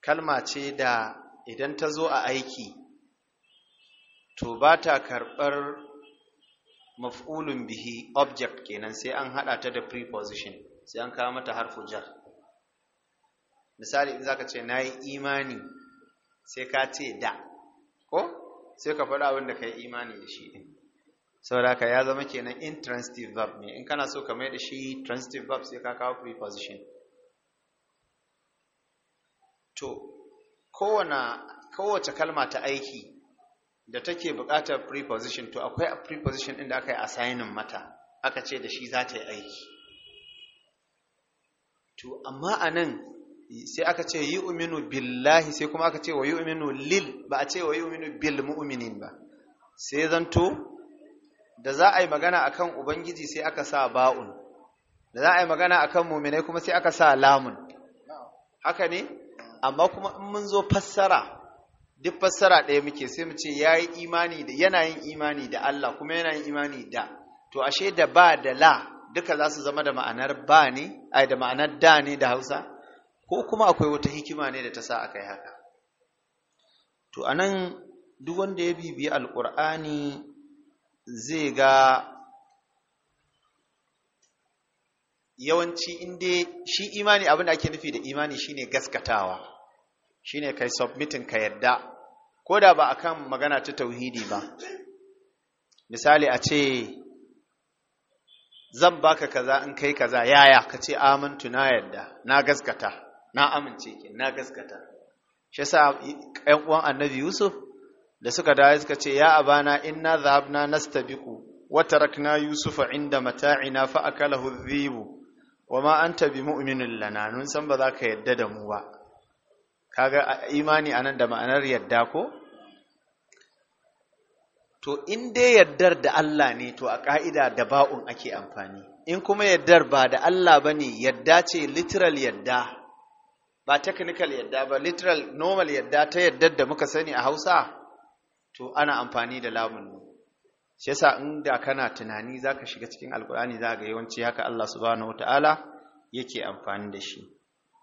kalma ce da idan ta zo a aiki to ba ta karɓar maf'ulun bihi object kenan sai an haɗa ta da preposition sai an kawo mata harfu jar misali in ka ce na yi imani sai ka ce da ko sai ka faɗa abin da ka yi imani da shi ɗin saboda ya zama kenan intransitive verb ne in kana so ka mai da shi transitive verb sai ka kawo preposition to kowane kowace kalma ta aiki da take buƙatar preposition to akwai a preposition ɗin da aka yi assignin mata aka ce da shi za ta yi aiki to amma a nan sai aka ce yi uminu billahi sai kuma aka ce wa yi uminu lil ba a ce wa yi uminu bil mu'uminin ba sai zanto da za a yi magana akan ubangiji sai aka sa ba'un da za a yi magana akan muminai kuma sai aka sa lamun haka ne amma kuma in mun zo fassara duk fassara ɗaya muke sai mu ce ya yi imani da yana yin imani da Allah kuma yana yin imani da to ashe da ba da la duka za su zama da ma'anar ba ne ai da ma'anar da ne da Hausa ko kuma akwai wata hikima ne da ta sa aka yi haka to anan duk wanda ya bibiyi alqur'ani zai ga yawanci inda shi imani abin da ake nufi da imani shine gaskatawa shine kai submitin ka yadda ko da ba akan magana ta tauhidi ba misali a ce zan baka kaza in kai kaza yaya ka ce amintu na yadda na gaskata na amince na gaskata shi yasa ƴan uwan annabi yusuf da suka dawo suka ce ya abana inna zahabna nastabiqu wa tarakna yusufa inda mata'ina fa akalahu dhibu wa ma anta mu'minin lana nun san ba za ka yadda da mu ba kaga imani anan da ma'anar yadda ko to in dai yaddar da Allah ne to a ka'ida da ba'un ake amfani in kuma yaddar ba da Allah bane yadda ce literal yadda ba technical yadda ba literal normal yadda ta yaddar da muka sani a Hausa to ana amfani da lamun ne shi yasa inda kana tunani zaka shiga cikin alqur'ani za ga yawanci haka Allah subhanahu wataala yake amfani da shi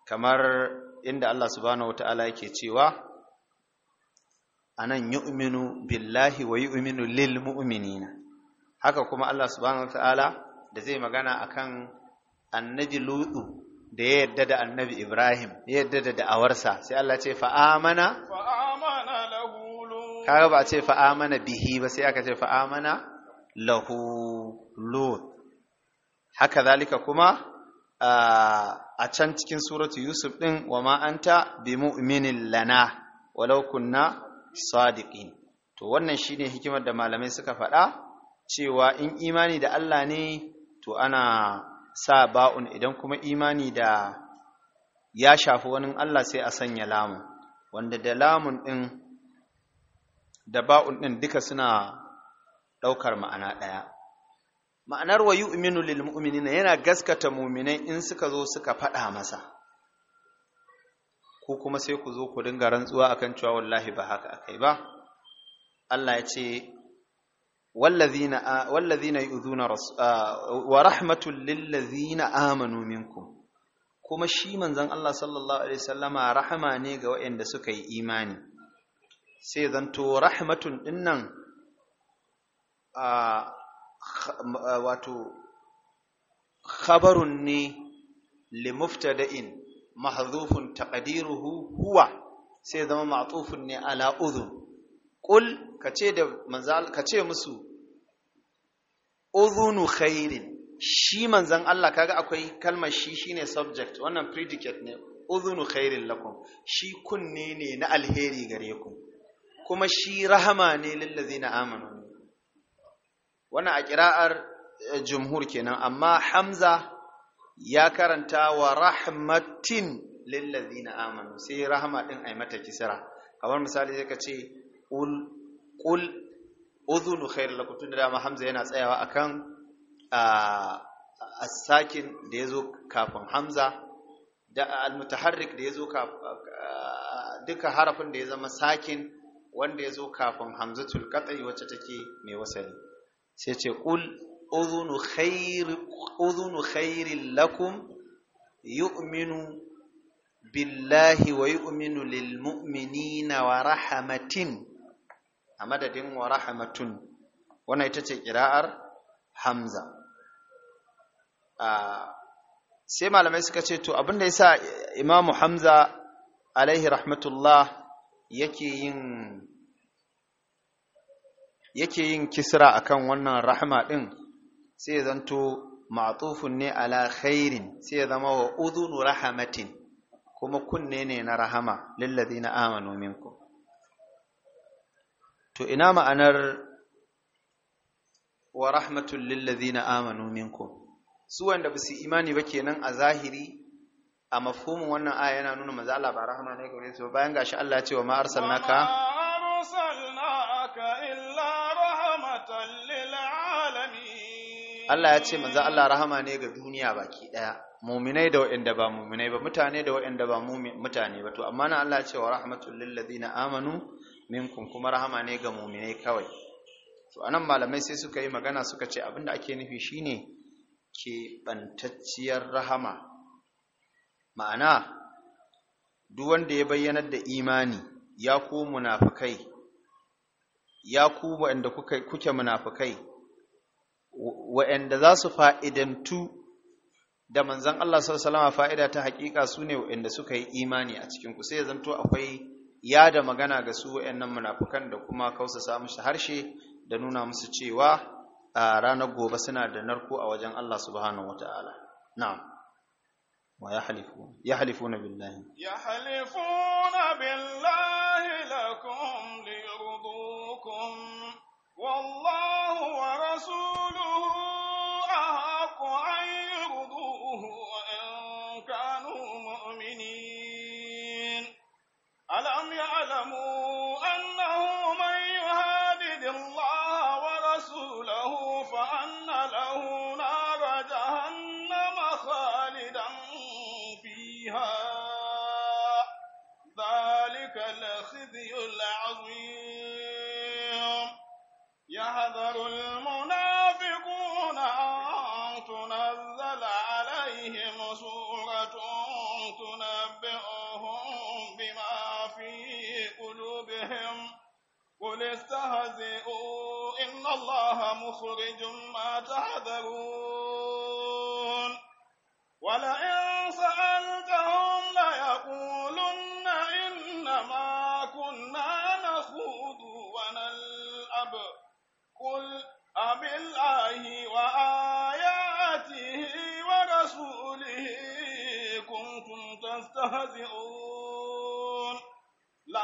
kamar inda Allah subhanahu wataala yake cewa anan yu'minu billahi wa yu'minu lil mu'minina haka kuma Allah subhanahu wataala da zai magana akan annabi lutu da ya yadda da annabi ibrahim ya yadda da da'awarsa sai Allah ce fa amana kaga ba a ce fa'amana bihi ba sai aka ce fa'amana lahu lut haka zalika kuma a can cikin suratu yusuf ɗin wa ma anta bi mu'minin lana walau kunna sadiqin to wannan shine hikimar da malamai suka faɗa cewa in imani da Allah ne to ana sa ba'un idan kuma imani da ya shafi wani Allah sai a sanya lamun wanda da lamun ɗin. da ba'un ɗin duka suna ɗaukar ma'ana ɗaya ma'anar wa yu'minu lil mu'minina yana gaskata mu'minai in suka zo suka faɗa masa ko kuma sai ku zo ku dinga rantsuwa akan cewa wallahi ba haka akai ba Allah ya ce wallazina wallazina yu'zuna wa rahmatul lil ladzina amanu minkum kuma shi manzon Allah sallallahu alaihi wasallama rahama ne ga waɗanda suka yi imani sai zanto rahmatun dinnan a wato khabarun ne da'in mahdhufun taqdiruhu huwa sai zama ma'tufun ne ala udhun qul kace da manzal kace musu udhunu khairin shi manzan Allah kaga akwai kalmar shi shine subject wannan predicate ne udhunu khairin lakum shi kunne ne na alheri gare ku kuma shi rahama ne na amanu wannan a kira'ar eh, jumhur kenan amma hamza ya karanta wa rahmatin na amanu sai rahama a yi mata kisira kamar misali sai ka ce ƙul qul khairu lakutun da dama hamza yana tsayawa kan a sakin da ya zo kafin hamza da al-mutaharrik da kafin duka harafin da ya zama sakin wanda ya zo kafin hamzatul qat'i wacce take mai wasali sai ce qul udhunu khair udhunu khairin lakum yu'minu billahi wa yu'minu lil mu'minina wa rahmatin a madadin wa rahmatun wannan ita ce kira'ar hamza sai malamai suka ce to abinda yasa imamu hamza alaihi rahmatullah yake yin yake yin kisra akan wannan rahma din sai ya zanto ma'tufun ne ala khairin sai ya zama wa udhunu rahamatin kuma kunne ne na rahama ladina amanu minkum to ina ma'anar wa rahmatul ladina amanu minkum su wanda basu imani ba kenan a zahiri a mafhumin wannan aya yana nuna manzo Allah ba rahama ne gare su bayan gashi Allah ya ce wa ma arsalnaka
Allah ya ce manzo Allah
rahama ne ga duniya baki daya muminai da waɗanda ba muminai ba mutane da waɗanda ba mutane ba to amma na Allah ya ce wa rahmatul lil ladina amanu minkum kuma rahama ne ga muminai kawai to anan malamai sai suka yi magana suka ce abinda ake nufi shine ke bantacciyar rahama ma'ana duk wanda ya bayyanar da imani ya ku munafikai ya ku waɗanda kuke munafikai waɗanda za su fa'idantu da manzan Allah sallama fa'ida ta haƙiƙa su ne waɗanda suka yi imani a cikinku sai ya zanto akwai ya da magana ga su waɗannan munafukan da kuma kausa samu shi harshe da nuna musu cewa a ranar gobe suna da narko a wajen Allah subhanahu wata'ala Na'am. ويحلفون يحلفون بالله
يحلفون بالله لكم ليرضوكم والله تهزئوا إن الله مخرج ما تحذرون ولئن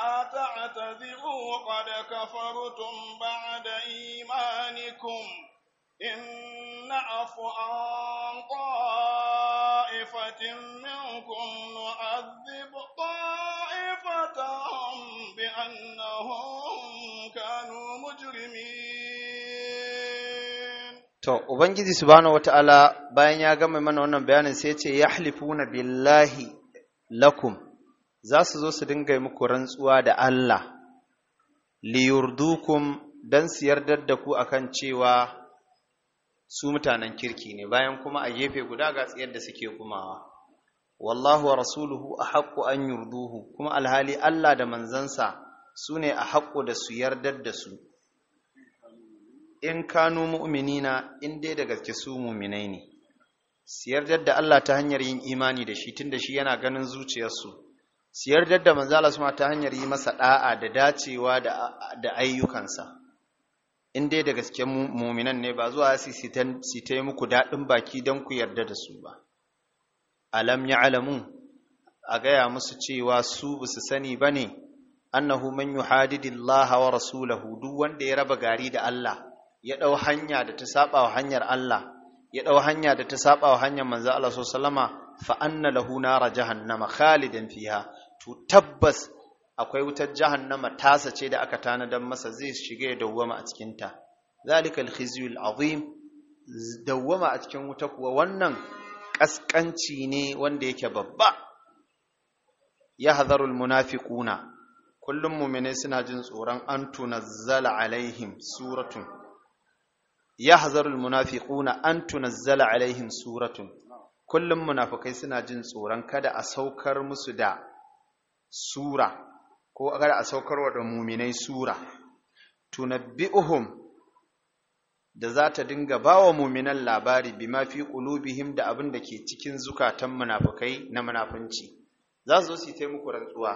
لا تعتذروا قد كفرتم بعد إيمانكم إن نعف عن طائفة منكم نعذب طائفة بأنهم كانوا مجرمين
To, Ubangiji subhanahu wa bayan ya gama mana wannan bayanin sai ce, Ya halifuna billahi lakum, za su zo su dinga muku rantsuwa da Allah liyurdukum dan su yardar da ku akan cewa su mutanen kirki ne bayan kuma a gefe guda ga tsayar da suke kumawa wallahu wa rasuluhu ahaqqu an yurduhu kuma alhali Allah da manzansa sune ahaqqu da su yardar da su in kanu mu'minina in dai da gaske su mu'minai ne su yardar da Allah ta hanyar yin imani da shi tun da shi yana ganin zuciyarsu su da manzo Allah ta hanyar yi masa ɗa'a da dacewa da ayyukansa in dai da gaske muminan ne ba zuwa su su ta yi muku daɗin baki don ku yarda da su ba alam ya alamu a gaya musu cewa su ba su sani ba ne annahu man yuhadidillah wa rasulahu duk wanda ya raba gari da Allah ya ɗau hanya da ta saba hanyar Allah ya ɗau hanya da ta saba hanyar manzo Allah sallama fa anna lahu nara jahannama khalidan fiha to tabbas akwai wutar jahannama tasa ce da aka tanadar masa zai shiga da dawwama a cikin ta zalika alkhizyul azim dawwama a cikin wuta kuwa wannan kaskanci ne wanda yake babba yahdharul munafiquna kullum mu'mini suna jin tsoron an tunazzala alaihim suratun munafiquna an tunazzala alaihim suratun kullum munafikai suna jin tsoron kada a saukar musu da sura ko kada a saukarwa da muminai sura tunabbi'uhum da za ta dinga ba wa muminan labari bi ma fi da abin da ke cikin zukatan munafukai na munafunci za su zo su yi muku rantsuwa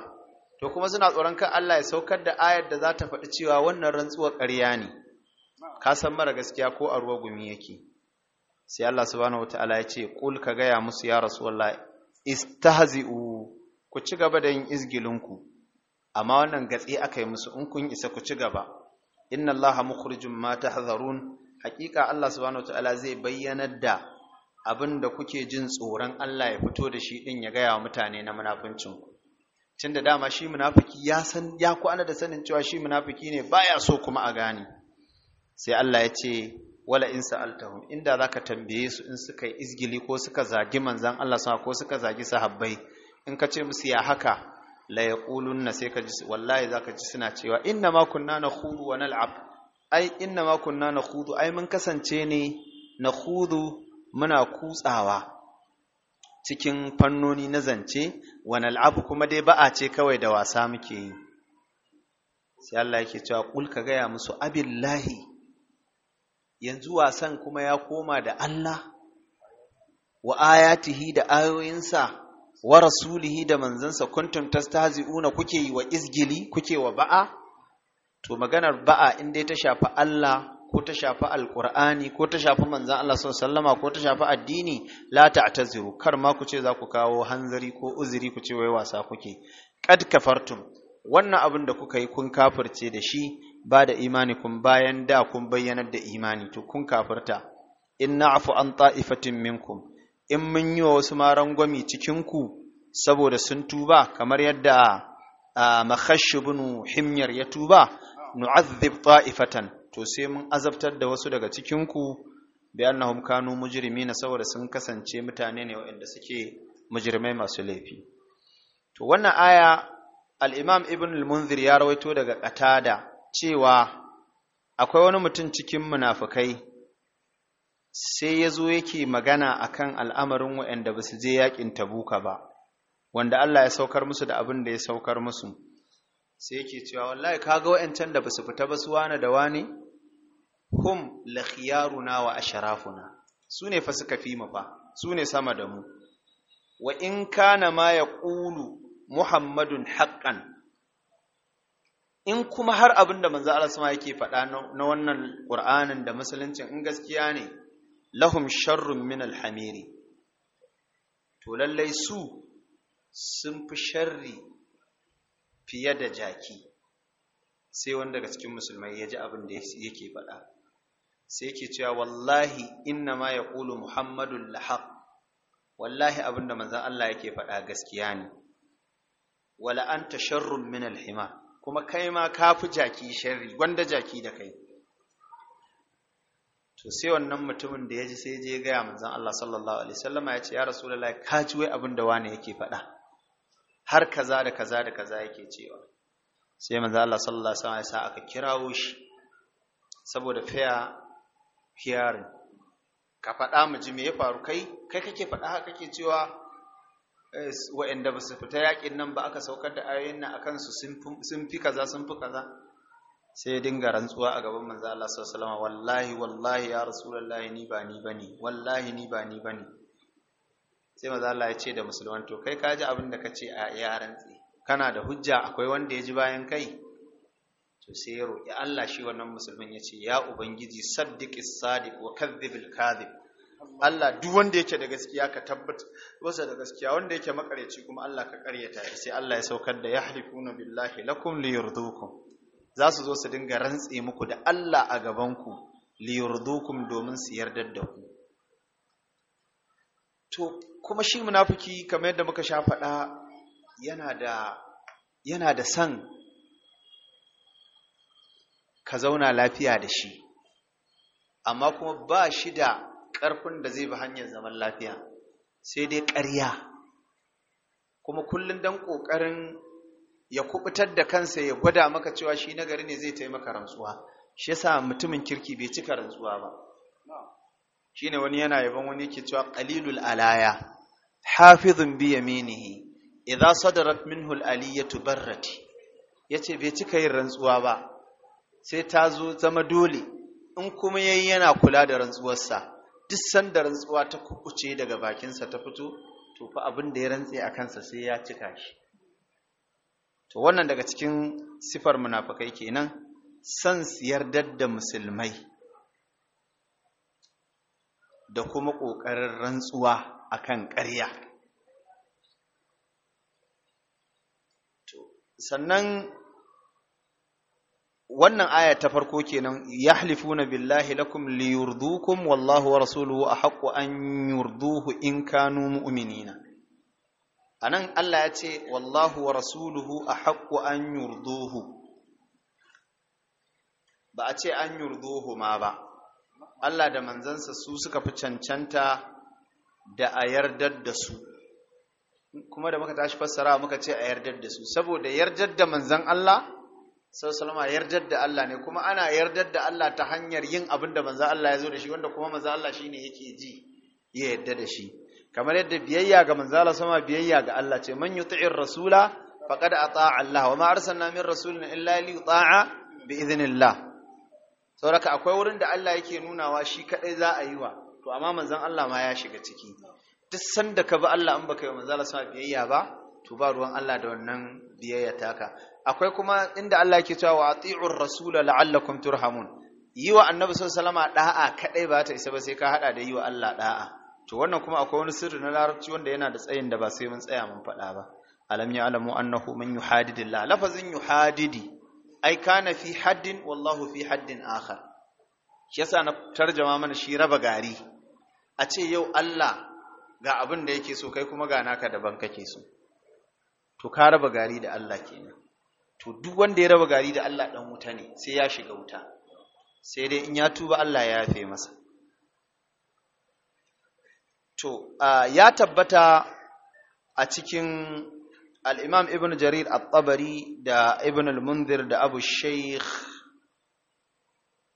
to kuma suna tsoron kan Allah ya saukar da ayar da za ta faɗi cewa wannan rantsuwar ƙarya ne ka san mara gaskiya ko a ruwa gumi yake sai Allah subhanahu wataala ya ce kul ka gaya musu ya rasulullah istahzi'u ku ci gaba da yin izgilinku amma wannan gatsi aka yi musu in kun isa ku ci gaba inna allaha mukhrijum ma tahzarun haqiqa allah subhanahu wataala zai bayyana da abinda kuke jin tsoron allah ya fito da shi din ya gaya wa mutane na munafincin ku tun da dama shi munafiki ya san ya kwana da sanin cewa shi munafiki ne baya so kuma a gane sai allah ya ce wala in sa'altahum inda zaka tambaye su in suka yi izgili ko suka zagi manzan Allah sa ko suka zagi sahabbai in ka ce musu ya haka la na sai ka ji wallahi zaka ji suna cewa inna ma kunna hudu wa nal'ab ai inna ma kunna hudu ai mun kasance ne na hudu muna kutsawa cikin fannoni na zance wa nal'abu kuma dai ba'a ce kawai da wasa muke yi sai Allah yake cewa kul ka gaya musu abillahi yanzu wasan kuma ya koma da Allah wa ayatihi da ayoyinsa wa rasulihi da manzansa kuntum tastahzi'una kuke yi wa izgili kuke wa ba'a to maganar ba'a in dai ta shafi Allah ko ta shafi alqur'ani ko ta shafi manzan Allah sallallahu ko ta shafi addini la ta'taziru kar ma ku ce za ku kawo hanzari ko uzuri ku ce wai wasa kuke kad kafartum wannan abin da kuka yi kun kafirce da shi ba da kun bayan da kun bayyanar da imani to kun kafirta in na'fu an ta'ifatin minkum in mun yi wa wasu marangwami cikinku saboda sun tuba kamar yadda makhash ibn himyar ya tuba nu'azzib ta'ifatan to sai mun azabtar da wasu daga cikinku bi annahum kanu na saboda sun kasance mutane ne waɗanda suke mujrimai masu laifi to wannan aya al-imam ibn al-munzir ya rawaito daga qatada cewa akwai wani mutum cikin munafukai. sai ya zo yake magana a kan al'amarin waɗanda ba su je yaƙin tabuka ba wanda Allah ya saukar musu da abin da ya saukar musu sai yake cewa wallahi ka ga wayancan da ba su fita ba su wane da wane hum la khiyaruna wa asharafuna ne fa suka fi mu Su ne sama da mu wa in kana ma ƙulu muhammadun Haƙƙan? in kuma har abinda manzo Allah sama yake faɗa na wannan ƙur'anin da musuluncin in gaskiya ne lahum sharrun min alhamiri to lallai su sun fi sharri fiye da jaki sai wanda daga cikin musulmai ya ji abin da yake faɗa sai yake cewa wallahi inna ma ya ƙulu muhammadun lahaq wallahi abin da manzan Allah yake faɗa gaskiya ne wala anta sharrun min alhimar kuma kai ma ka fi jaki sharri gwanda jaki da kai to sai wannan mutumin da ya ji sai je gaya manzon Allah sallallahu alaihi wasallam ya ce ya rasulullahi ka ji wai abin da wani yake faɗa har kaza da kaza da kaza yake cewa sai manzon Allah sallallahu alaihi wasallam ya sa aka kirawo shi saboda fair hearing ka faɗa mu ji me ya faru kai kai kake faɗa haka kake cewa eh, wa'anda ba su fita yaƙin nan ba aka saukar da ayoyin nan akan su sun fi kaza sun fi kaza sai ya dinga rantsuwa a gaban manzo Allah sallallahu alaihi wallahi wallahi ya rasulullahi ni ba ni bane wallahi ni ba ni bane sai manzo Allah ya ce da musulman to kai kaji abin da kace a ya rantsi kana da hujja akwai wanda ya ji bayan kai to sai ya roki Allah shi wannan musulmin ya ce ya ubangiji saddiqis sadiq wa kadhibil kadhib Allah duk wanda yake da gaskiya ka tabbata wasa da gaskiya wanda yake makareci kuma Allah ka karyata sai Allah ya saukar da yahlifuna billahi lakum liyurdukum za su zo su dinga rantse muku da Allah a gabanku liyurdukum domin su yardar da ku to kuma shi munafiki kamar yadda muka sha faɗa yana da yana da san ka zauna lafiya da shi amma kuma ba shi da ƙarfin da zai bi hanyar zaman lafiya sai dai ƙarya kuma kullum dan ƙoƙarin ya kubutar da kansa ya gwada maka cewa shi nagari ne zai taimaka rantsuwa shi yasa mutumin kirki bai cika rantsuwa ba shine wani yana yaban wani yake cewa qalilul alaya hafizun bi yaminihi idza sadarat minhu aliyatu barrati yace bai cika yin rantsuwa ba sai ta zo zama dole in kuma yayi yana kula da rantsuwarsa duk sanda rantsuwa ta kukuce daga bakinsa ta fito to fa abin da ya rantse a kansa sai ya cika shi to wannan daga cikin sifar munafukai kenan san siyardar da musulmai da kuma ƙoƙarin rantsuwa akan ƙarya sannan wannan aya ta farko kenan yahlifuna billahi lakum liyurdukum wallahu wa rasuluhu ahaqqu an yurduhu in kanu mu'minina anan Allah ya ce wallahu wa rasuluhu haƙƙo an yurduhu ba a ce an yurduhu ma ba Allah da manzansa su suka fi cancanta da a yardar da su kuma da muka tashi fassara muka ce a yardar da su saboda yardar da manzan Allah sau salama yardar da Allah ne kuma ana yardar da Allah ta hanyar yin abin da manzan Allah ya zo da shi wanda kuma manzan Allah shi ne yake ji ya yarda da shi kamar yadda biyayya ga manzala sama biyayya ga Allah ce man yuti'ir rasula faqad ata'a Allah wa ma arsalna min rasulin illa li yuta'a bi idhnillah saboda akwai wurin da Allah yake nunawa shi kadai za a yi wa to amma manzon Allah ma ya shiga ciki duk sanda ka bi Allah an baka yi manzala sama biyayya ba to ba ruwan Allah da wannan biyayya taka akwai kuma inda Allah yake cewa wa ati'ur rasula la'allakum turhamun yi wa annabi sallallahu alaihi wasallam da'a kadai ba ta isa ba sai ka hada da yi wa Allah da'a to wannan kuma akwai wani sirri na larabci wanda yana da tsayin da ba sai mun tsaya mun faɗa ba alam ya alamu annahu man yuhadidillah lafazin yuhadidi ai kana fi haddin wallahu fi haddin akhar yasa na tarjama mana shi raba gari a ce yau Allah ga abin da yake so kai kuma ga naka daban kake so to ka raba gari da Allah kenan to duk wanda ya raba gari da Allah dan wuta ne sai ya shiga wuta sai dai in ya tuba Allah ya yafe masa to ya tabbata a cikin al'imam ibn jarir al-tabari da ibn al-mundir da abu sheikh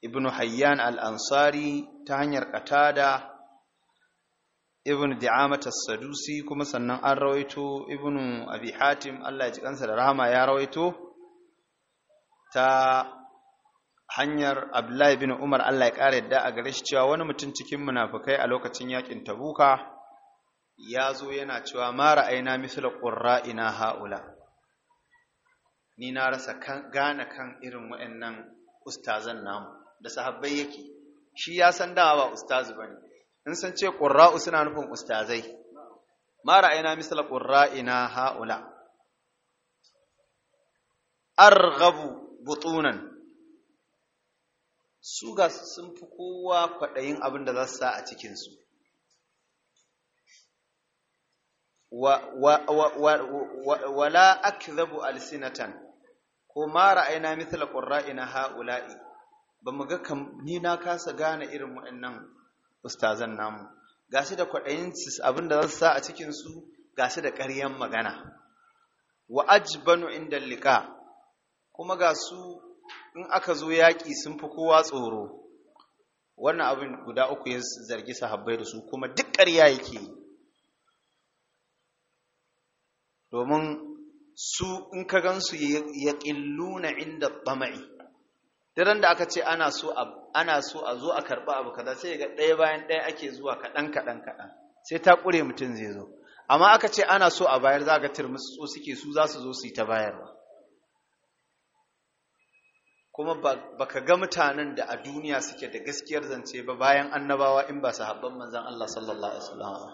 ibn hayyan al-ansari ta hanyar katada ibn di'amata sadusi kuma sannan an rawaito ibn abi hatim Allah ya ji kansa da rahama ya rawaito ta hanyar Abdullahi bin Umar Allah ya ƙara yadda a gare shi cewa wani mutum cikin munafukai a lokacin yakin Tabuka ya zo yana cewa ma ra'ayina misal qurra'ina haula ni na rasa kan gane kan irin waɗannan ustazan namu da sahabbai yake shi ya san da ba ustazu bane in san ce qurra'u suna nufin ustazai ma ra'ayina misal qurra'ina haula arghabu butunan su ga sun fi kowa kwaɗayin abin da za su sa a cikinsu wala akzabu alsinatan ko ma ra'ayna mithla qurra'ina haula'i ba mu ga kam ni na kasa gane irin waɗannan ustazan namu Ga shi da kwaɗayin abin da za su sa a cikinsu ga shi da ƙaryan magana wa ajbanu inda liƙa. kuma ga su in aka zo yaƙi sun fi kowa tsoro wannan abin guda uku ya zargi sahabbai da su kuma duk ƙarya yake ke. domin su in ka gan su ya ƙilluna inda ɓama'i daren da aka ce ana so a zo a karɓi abu kaza sai ga ɗaya bayan ɗaya ake zuwa kaɗan kaɗan kaɗan sai ta ƙure mutum zai zo amma aka ce ana so a bayar za ga turmus suke su za su zo su yi ta bayarwa kuma ba ka ga mutanen da a duniya suke da gaskiyar zance ba bayan annabawa in ba habban manzan Allah sallallahu alaihi wasallam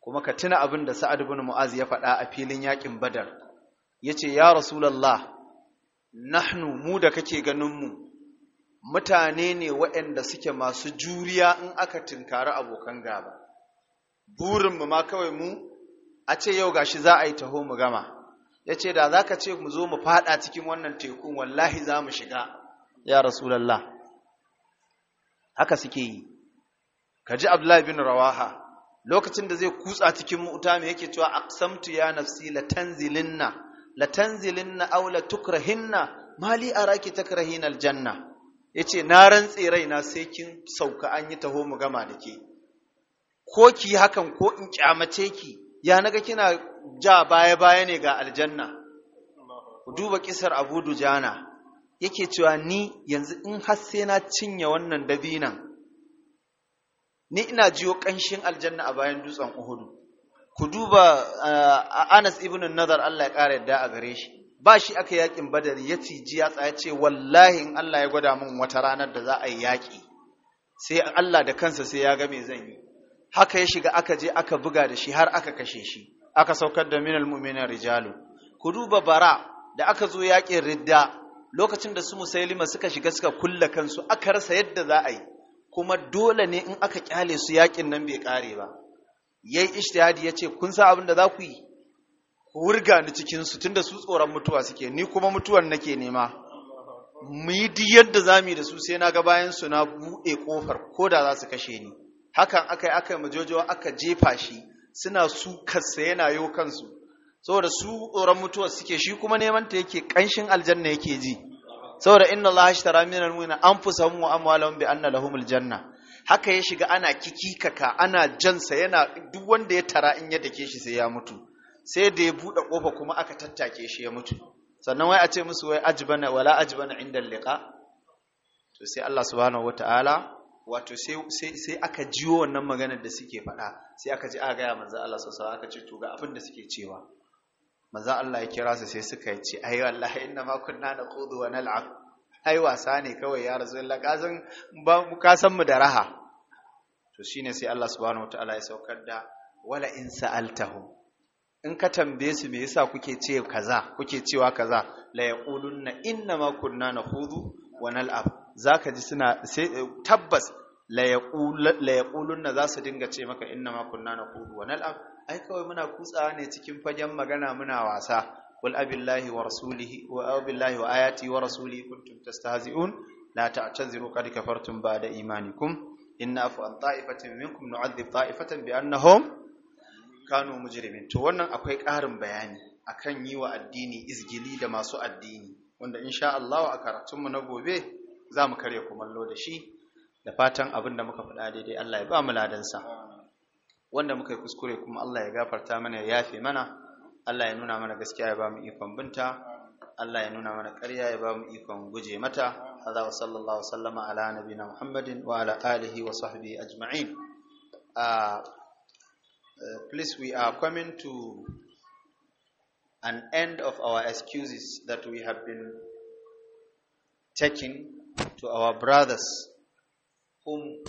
kuma ka tuna abin da Sa'ad bin Mu'az ya faɗa a filin yaƙin Badar Ya ce ya rasulallah nahnu mu da kake ganin mu mutane ne waɗanda suke masu juriya in aka tunkari abokan gaba burinmu ma kawai mu a ce yau gashi za a yi taho mu gama ya ce da za ka ce mu zo mu fada cikin wannan tekun wallahi za mu shiga ya rasulallah haka suke yi ka ji abdullahi bin rawaha lokacin da zai kutsa cikin mu'uta mai yake cewa Samtu ya nafsi latanzilinna latanzilinna aw latukrahinna mali araki takrahina aljanna yace na rantse raina sai kin sauka an yi taho mu gama da ke ko ki hakan ko in kyamace ki ya naga kina ja baya-baya ne ga aljanna duba kisar abu dujana yake cewa ni yanzu in har sai na cinye wannan dabinan ni ina jiyo ƙanshin aljanna a bayan dutsen uhudu ku duba uh, anas ibn nazar allah ya ƙara yadda a gare shi ba shi aka yakin badar ya ciji ya tsaya ce wallahi in allah ya gwada min wata ranar da za a yi yaƙi sai allah da kansa sai ya ga me zan yi haka ya shiga aka je aka buga da shi har aka kashe shi aka saukar da minal mu'minin rijalu ku duba bara da aka zo yakin ridda lokacin da su musailima suka shiga suka kulla kansu aka rasa yadda za a yi kuma dole ne in aka kyale su yakin nan bai kare ba yayi ishtihadi yace kun sa abin da za ku yi ku wurga ni cikin su tunda su tsoron mutuwa suke ni kuma mutuwan nake nema mu yi duk yadda za mu yi da su sai na ga bayan su na buɗe kofar koda da za su kashe ni hakan aka yi aka yi majojowa aka jefa shi suna su kasa yana yo kansu saboda su tsoron mutuwar suke shi kuma neman ta yake kanshin aljanna yake ji saboda inna allaha muna an fi an wa amwalahum bi anna lahum janna haka ya shiga ana kikikaka ana jansa yana duk wanda ya tara in ya dake shi sai ya mutu sai da ya buɗe ƙofa kuma aka tattake shi ya mutu sannan wai a ce musu wai ajibana wala ajibana inda liqa to sai Allah subhanahu wataala wato sai aka jiwo wannan maganar da suke faɗa sai aka ji aka gaya manzo Allah sallallahu aka ce to ga abin da suke cewa manzo Allah ya kira su sai suka ce ai wallahi inna ma kunna naqudu wa nal'ab ai wasa ne kawai ya rasulullah ka san ba mu ka san mu da raha to shine sai Allah subhanahu wataala ya saukar da wala in sa'altahu in ka tambaye su me yasa kuke ce kaza kuke cewa kaza la yaqulunna inna ma kunna naqudu wa nal'ab zaka ji suna tabbas na za su dinga ce maka inna na na kudu wa nal'ab ai kawai muna kutsa ne cikin fagen magana muna wasa qul abillahi wa rasulihi wa abillahi wa ayati wa rasulihi kuntum tastahzi'un la ta'taziru qad kafartum ba'da imanikum inna afu an ta'ifatin minkum nu'adhib ta'ifatan bi annahum kanu mujrimin to wannan akwai ƙarin bayani akan yi wa addini izgili da masu addini wanda insha Allah a karatunmu na gobe za mu karya kumallo da shi da fatan abin da muka faɗa daidai Allah ya ba mu ladansa wanda muka yi kuskure kuma Allah ya gafarta mana ya yafe mana Allah ya nuna mana gaskiya ya ba mu ikon binta Allah ya nuna mana ƙarya ya ba mu ikon guje mata Allah wa sallallahu sallama ala nabina muhammadin wa ala alihi wa sahbi ajma'in uh, Uh, please, we are coming to an end of our excuses that we have been
taking to our brothers whom